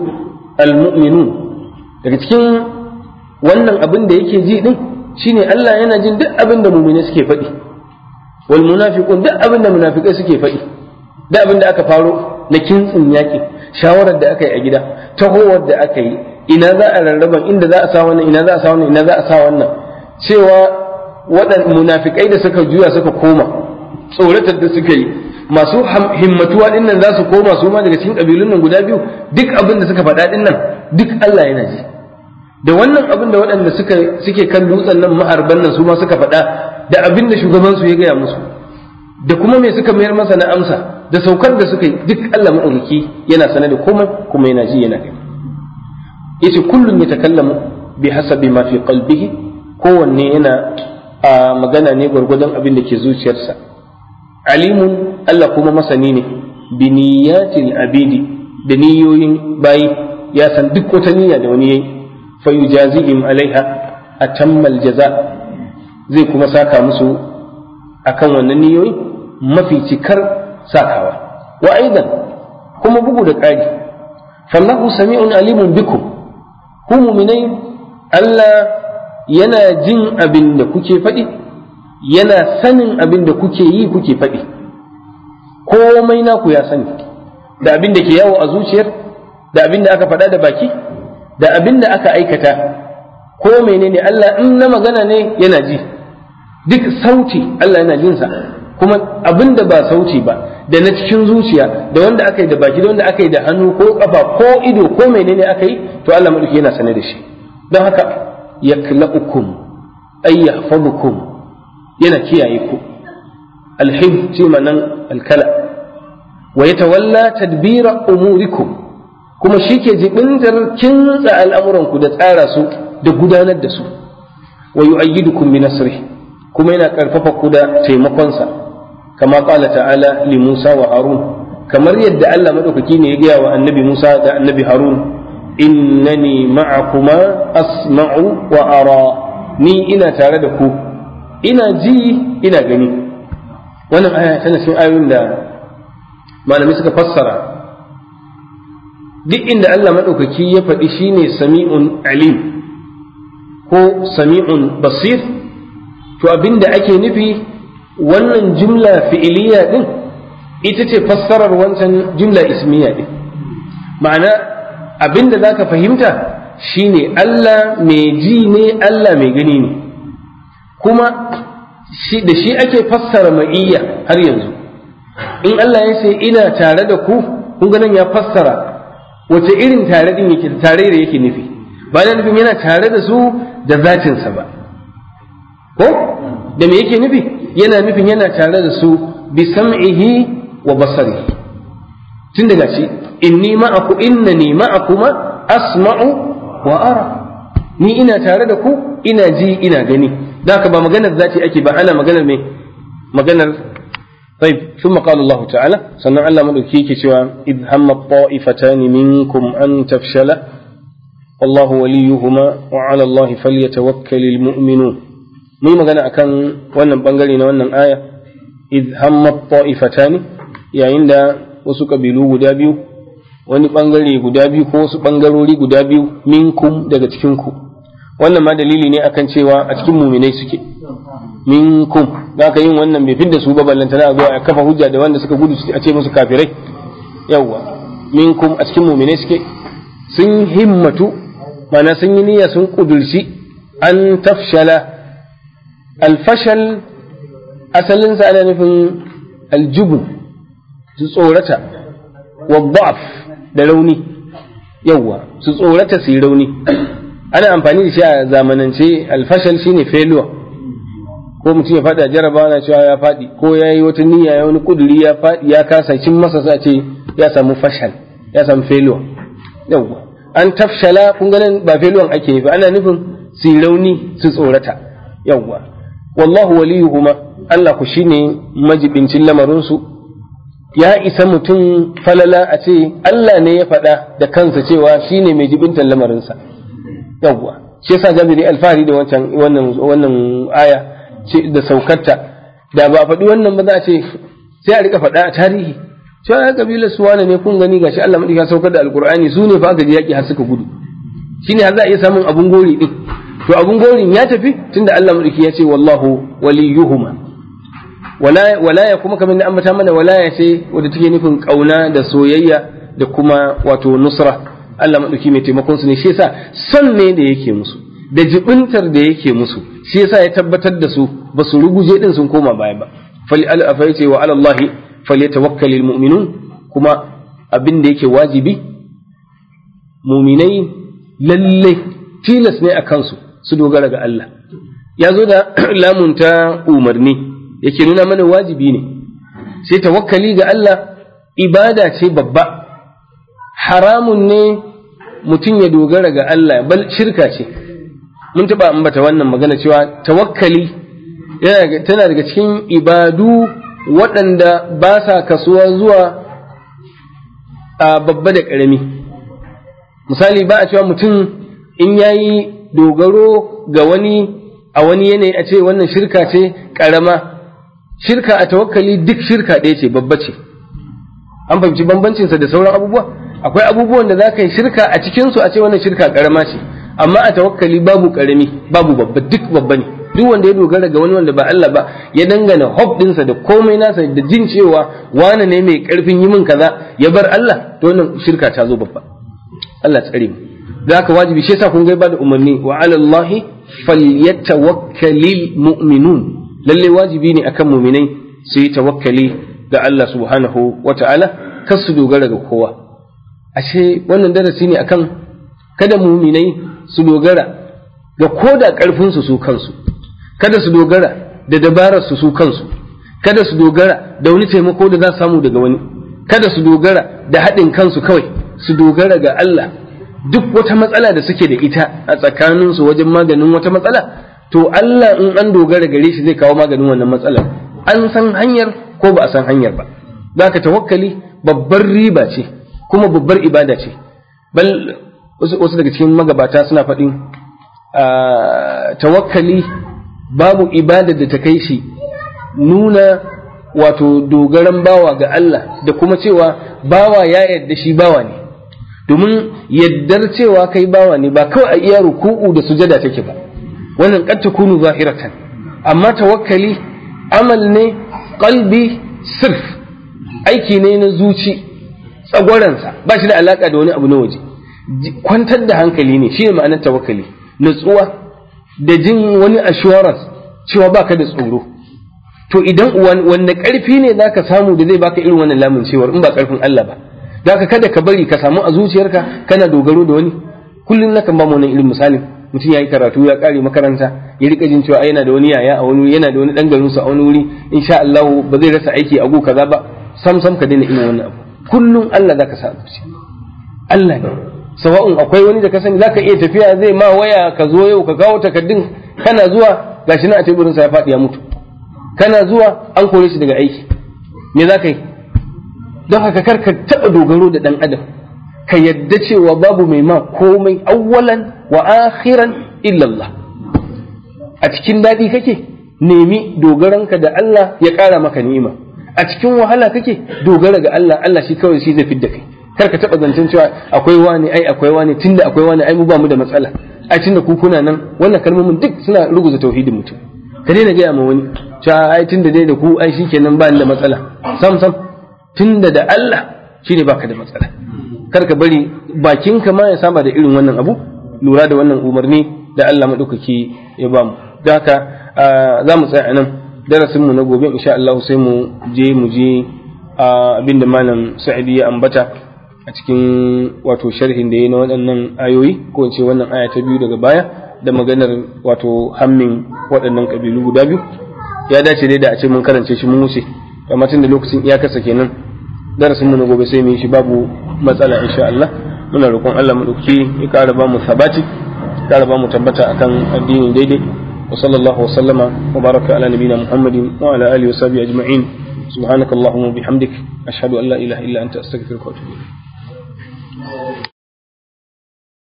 almu'minun daga cikin wannan abin da yake ji din shine Allah yana jin duk abin da mu'mini suke faɗi wal munafiqun duk abin da munafikai suke faɗi duk abin da aka faro na kintsin yaƙi shawarar da aka yi a gida tahowar da aka yi ina za a rarraban inda za a sa wannan ina za a sa wannan ina za a sa wannan cewa waɗan munafikai da suka juya suka koma tsoratar da suka yi masu himmatuwa din nan za su koma su ma daga cikin ƙabilun nan guda biyu duk abin da suka faɗa din nan duk Allah yana ji da wannan abin da waɗanda suka suke kan dutsen nan maharban nan su ma suka faɗa da abin da shugaban su ya gaya musu da kuma me suka mayar masa na amsa da saukar da suka yi duk Allah ma'auriki yana sane da komai kuma yana ji yana gani yace kullun yatakallamu bi hasabi ma fi qalbihi kowanne yana a magana ne gwargwadon abin da ke zuciyarsa alimun Allah kuma masani ne bi niyatil abidi da niyoyin bayi ya san duk wata niyya da wani yayi fa yujazihim alaiha atammal jaza zai kuma saka musu akan wannan niyoyi mafi cikar sakawa wa aidan kuma bugu da ƙari fallahu sami'un alimun bikum ku muminai Allah yana jin abin da kuke faɗi yana sanin abin da kuke yi kuke faɗi komai naku ya sani da abin da ke yawo a zuciyar da abin da aka faɗa da baki da abin da aka aikata ko menene Allah in na magana ne yana ji duk sauti Allah yana jinsa kuma abin da ba sauti ba da na cikin zuciya da wanda aka yi da baki da wanda aka yi da hannu ko kafa ko ido ko menene aka yi to Allah madauki yana sane da shi don haka yaklaukum ay yahfazukum yana kiyaye ku alhim shi manan alkala wa yatawalla tadbira umurikum kuma shi ke jibintar al'amuran ku da tsara su da gudanar da su wa yu'ayyidukum bi kuma yana karfafa ku da taimakonsa kama qala ta'ala li Musa wa Harun kamar yadda Allah madaukaki ne ya gaya wa annabi Musa da annabi Harun innani ma'akuma asma'u wa ara ni ina tare da ku ina ji ina gani wannan aya tana cikin ayoyin da malamai suka fassara duk inda Allah maɗaukaki ya faɗi shi ne sami'un Ali ko sami'un basir to abinda ake nufi wannan jumla fi'iliya din ita ce fassarar wancan jumla ismiya din ma'ana abinda zaka fahimta shine Allah mai ji ne Allah mai gani ne kuma da shi ake fassara ma'iyya har yanzu in Allah ya ce ina tare da ku kun ganin ya fassara wace irin tare din yake tare da yake nufi ba da nufin yana tare da su da zatinsa ba ko da me yake nufi yana nufin yana tare da su bi sam'ihi wa basari tun daga ci inni ma'aku innani ma'akuma asma'u wa ara ni ina tare da ku ina ji ina gani haka ba maganar zati ake ba ana maganar mai maganar طيب ثم قال الله تعالى صنع الله ملكيك سوى إذ هم الطائفتان منكم أن تفشل والله وليهما وعلى الله فليتوكل المؤمنون mun magana a kan wannan bangare na wannan aya idh hammat ta'ifatani yayin da wasu kabilu guda biyu wani bangare guda biyu ko wasu bangarori guda biyu minkum daga cikin ku wannan ma dalili ne akan cewa a cikin muminai suke minkum ka yin wannan bai fidda su ba ballantana a zuwa a kafa hujja da wanda suka gudu a ce musu kafirai yawwa minkum a cikin muminai suke sun himmatu mana sun yi niyya sun kudurci an tafshala alfashal asalinsa ana nufin aljubun su tsorata wa ba'af da rauni yawwa su tsorata su yi rauni ana amfani da shi a zamanance alfashal shine failure ko mutum ya faɗi a jaraba na cewa ya faɗi ko ya yi wata niyya ya wani kuduri ya faɗi ya kasa cin masa sa ce ya samu fashal ya samu failure yawwa an tafshala kun ganin ba failure ake yi ba ana nufin su rauni su tsorata yawwa wallahu waliyuhuma Allah ku shine majibincin lamarin su ya isa mutum falala a ce Allah ne ya faɗa da kansa cewa shine mai jibintan lamarin sa yawwa shi yasa Jabiri alfahari da wancan wannan wannan aya da saukarta da ba faɗi wannan ba za a ce sai a rika faɗa a tarihi cewa ya kabilar suwana ne kun gani gashi Allah madika saukar da alkur'ani su ne fa aka ji yaƙi har suka gudu shine har za a iya samun abun gori din to abun gorin ya tafi tunda Allah madauki ya ce wallahu waliyuhuma wala wala kuma kamar da ambata mana walaya ce wanda take nufin kauna da soyayya da kuma wato nusra Allah madauki mai taimakon su ne shi yasa son ne da yake musu da jibintar da yake musu shi yasa ya tabbatar da su ba su ruguje din sun koma baya ba fali afaiti wa ala falyatawakkal al mu'minun kuma abin da yake wajibi muminai lalle tilas ne a kansu su dogara ga Allah ya zo da lamun ta umarni yake nuna mana wajibi ne sai tawakkali ga Allah ibada ce babba haramun ne mutum ya dogara ga Allah bal shirka ce mun taba ambata wannan magana cewa tawakkali tana daga cikin ibadu waɗanda ba sa kasuwa zuwa a babba da ƙarami misali ba a cewa mutum in yayi dogaro ga wani a wani yanayi a ce wannan shirka ce ƙarama shirka a tawakkali duk shirka ɗaya ce babba ce an fahimci bambancinsa da sauran abubuwa akwai abubuwan da za ka yi shirka a cikinsu a ce wannan shirka ƙarama ce amma a tawakkali babu ƙarami babu babba duk babba ne duk wanda ya dogara ga wani wanda ba Allah ba ya dangana hope dinsa da komai nasa da jin cewa wane ne mai karfin yi min kaza ya bar Allah to wannan shirka ta zo babba Allah tsare mu Zaka wajibi shi yasa kun ga ba da umarni wa ala Allah falyatawakkalil mu'minun lalle wajibi ne akan mu'minai su yi tawakkali ga Allah subhanahu wata'ala kar su dogara ga kowa ashe wannan darasi ne akan kada mu'minai su dogara ga koda karfin su su kansu kada su dogara da dabarar su su kansu kada su dogara da wani taimako da za su samu daga wani kada su dogara da haɗin kansu kawai su dogara ga Allah duk wata matsala da suke da ita a tsakaninsu wajen maganin wata matsala to Allah in an dogara gare shi zai kawo maganin wannan matsalar an san hanyar ko ba a san hanyar ba za ka tawakkali babbar riba ce kuma babbar ibada ce bal wasu daga cikin magabata suna faɗi ah, tawakkali babu ibada da ta kai shi nuna wato dogaran bawa ga Allah da kuma cewa bawa ya yarda shi bawa ne domin yaddar cewa kai bawa ne ba kawai a iya ruku'u da sujada take ba wannan qad takunu zahiratan amma tawakkali amal ne qalbi sirf aiki ne na zuci tsagwaransa ba shi da alaka da wani abu na waje kwantar da hankali ne shine ma'anar tawakkali natsuwa da jin wani assurance cewa baka da tsoro to idan wanne karfi ne zaka samu da zai baka irin wannan lamun cewar in ba karfin Allah ba da ka kada ka bari ka samu a zuciyarka kana dogaro da wani kullum nakan ba mu wannan irin misalin mutum ya yi karatu ya kare makaranta ya rika jin cewa yana da wani yaya a wani wuri yana da wani dan garin sa a wani wuri insha Allah ba zai rasa aiki a go kaza ba sam sam ka daina irin wannan abu kullum Allah zaka sa zuci Allah ne sawa'un akwai wani da ka sani zaka iya tafiya zai ma waya ka zo yau ka kawo takardun kana zuwa gashi na a teburin sa ya faɗi ya mutu kana zuwa an kore shi daga aiki me zaka yi don haka kar ka taɓa dogaro da ɗan adam ka yadda cewa babu mai ma komai awwalan wa akhiran illallah a cikin daɗi kake nemi dogaranka da Allah ya ƙara maka ni'ima a cikin wahala kake dogara ga Allah Allah shi kawai shi zai fidda kai kar ka taɓa zancen cewa akwai wani ai akwai wani tunda akwai wani ai mu ba mu da matsala ai tunda ku kuna nan wannan kalmomin duk suna ruguza tauhidin mutum ka daina gaya ma wani cewa ai tunda dai da ku ai shikenan ba ni da matsala sam sam tunda da Allah shine baka da matsala kar ka bari bakinka ma ya saba da irin wannan abu lura da wannan umarni da Allah madaukaki ya bamu don haka za mu tsaya nan darasin mu na gobe insha Allah sai mu je mu je abinda malam Sa'idi ya ambata a cikin wato sharhin da yayi na waɗannan ayoyi ko in ce wannan aya ta biyu daga baya da maganar wato hammin waɗannan kabilu guda biyu ya dace dai da a ce mun karance shi mun wuce amma da lokacin iyakarsa kenan darasin mu na gobe sai mu yi shi babu matsala insha Allah muna roƙon Allah mu dauki ya ƙara ba mu sabati ƙara ba mu tabbata akan addinin daidai wa sallallahu wa sallama wa baraka ala nabiyina Muhammadin wa ala alihi wa sahbihi ajma'in subhanakallahumma wa bihamdik ashhadu an la ilaha illa anta astaghfiruka wa atubu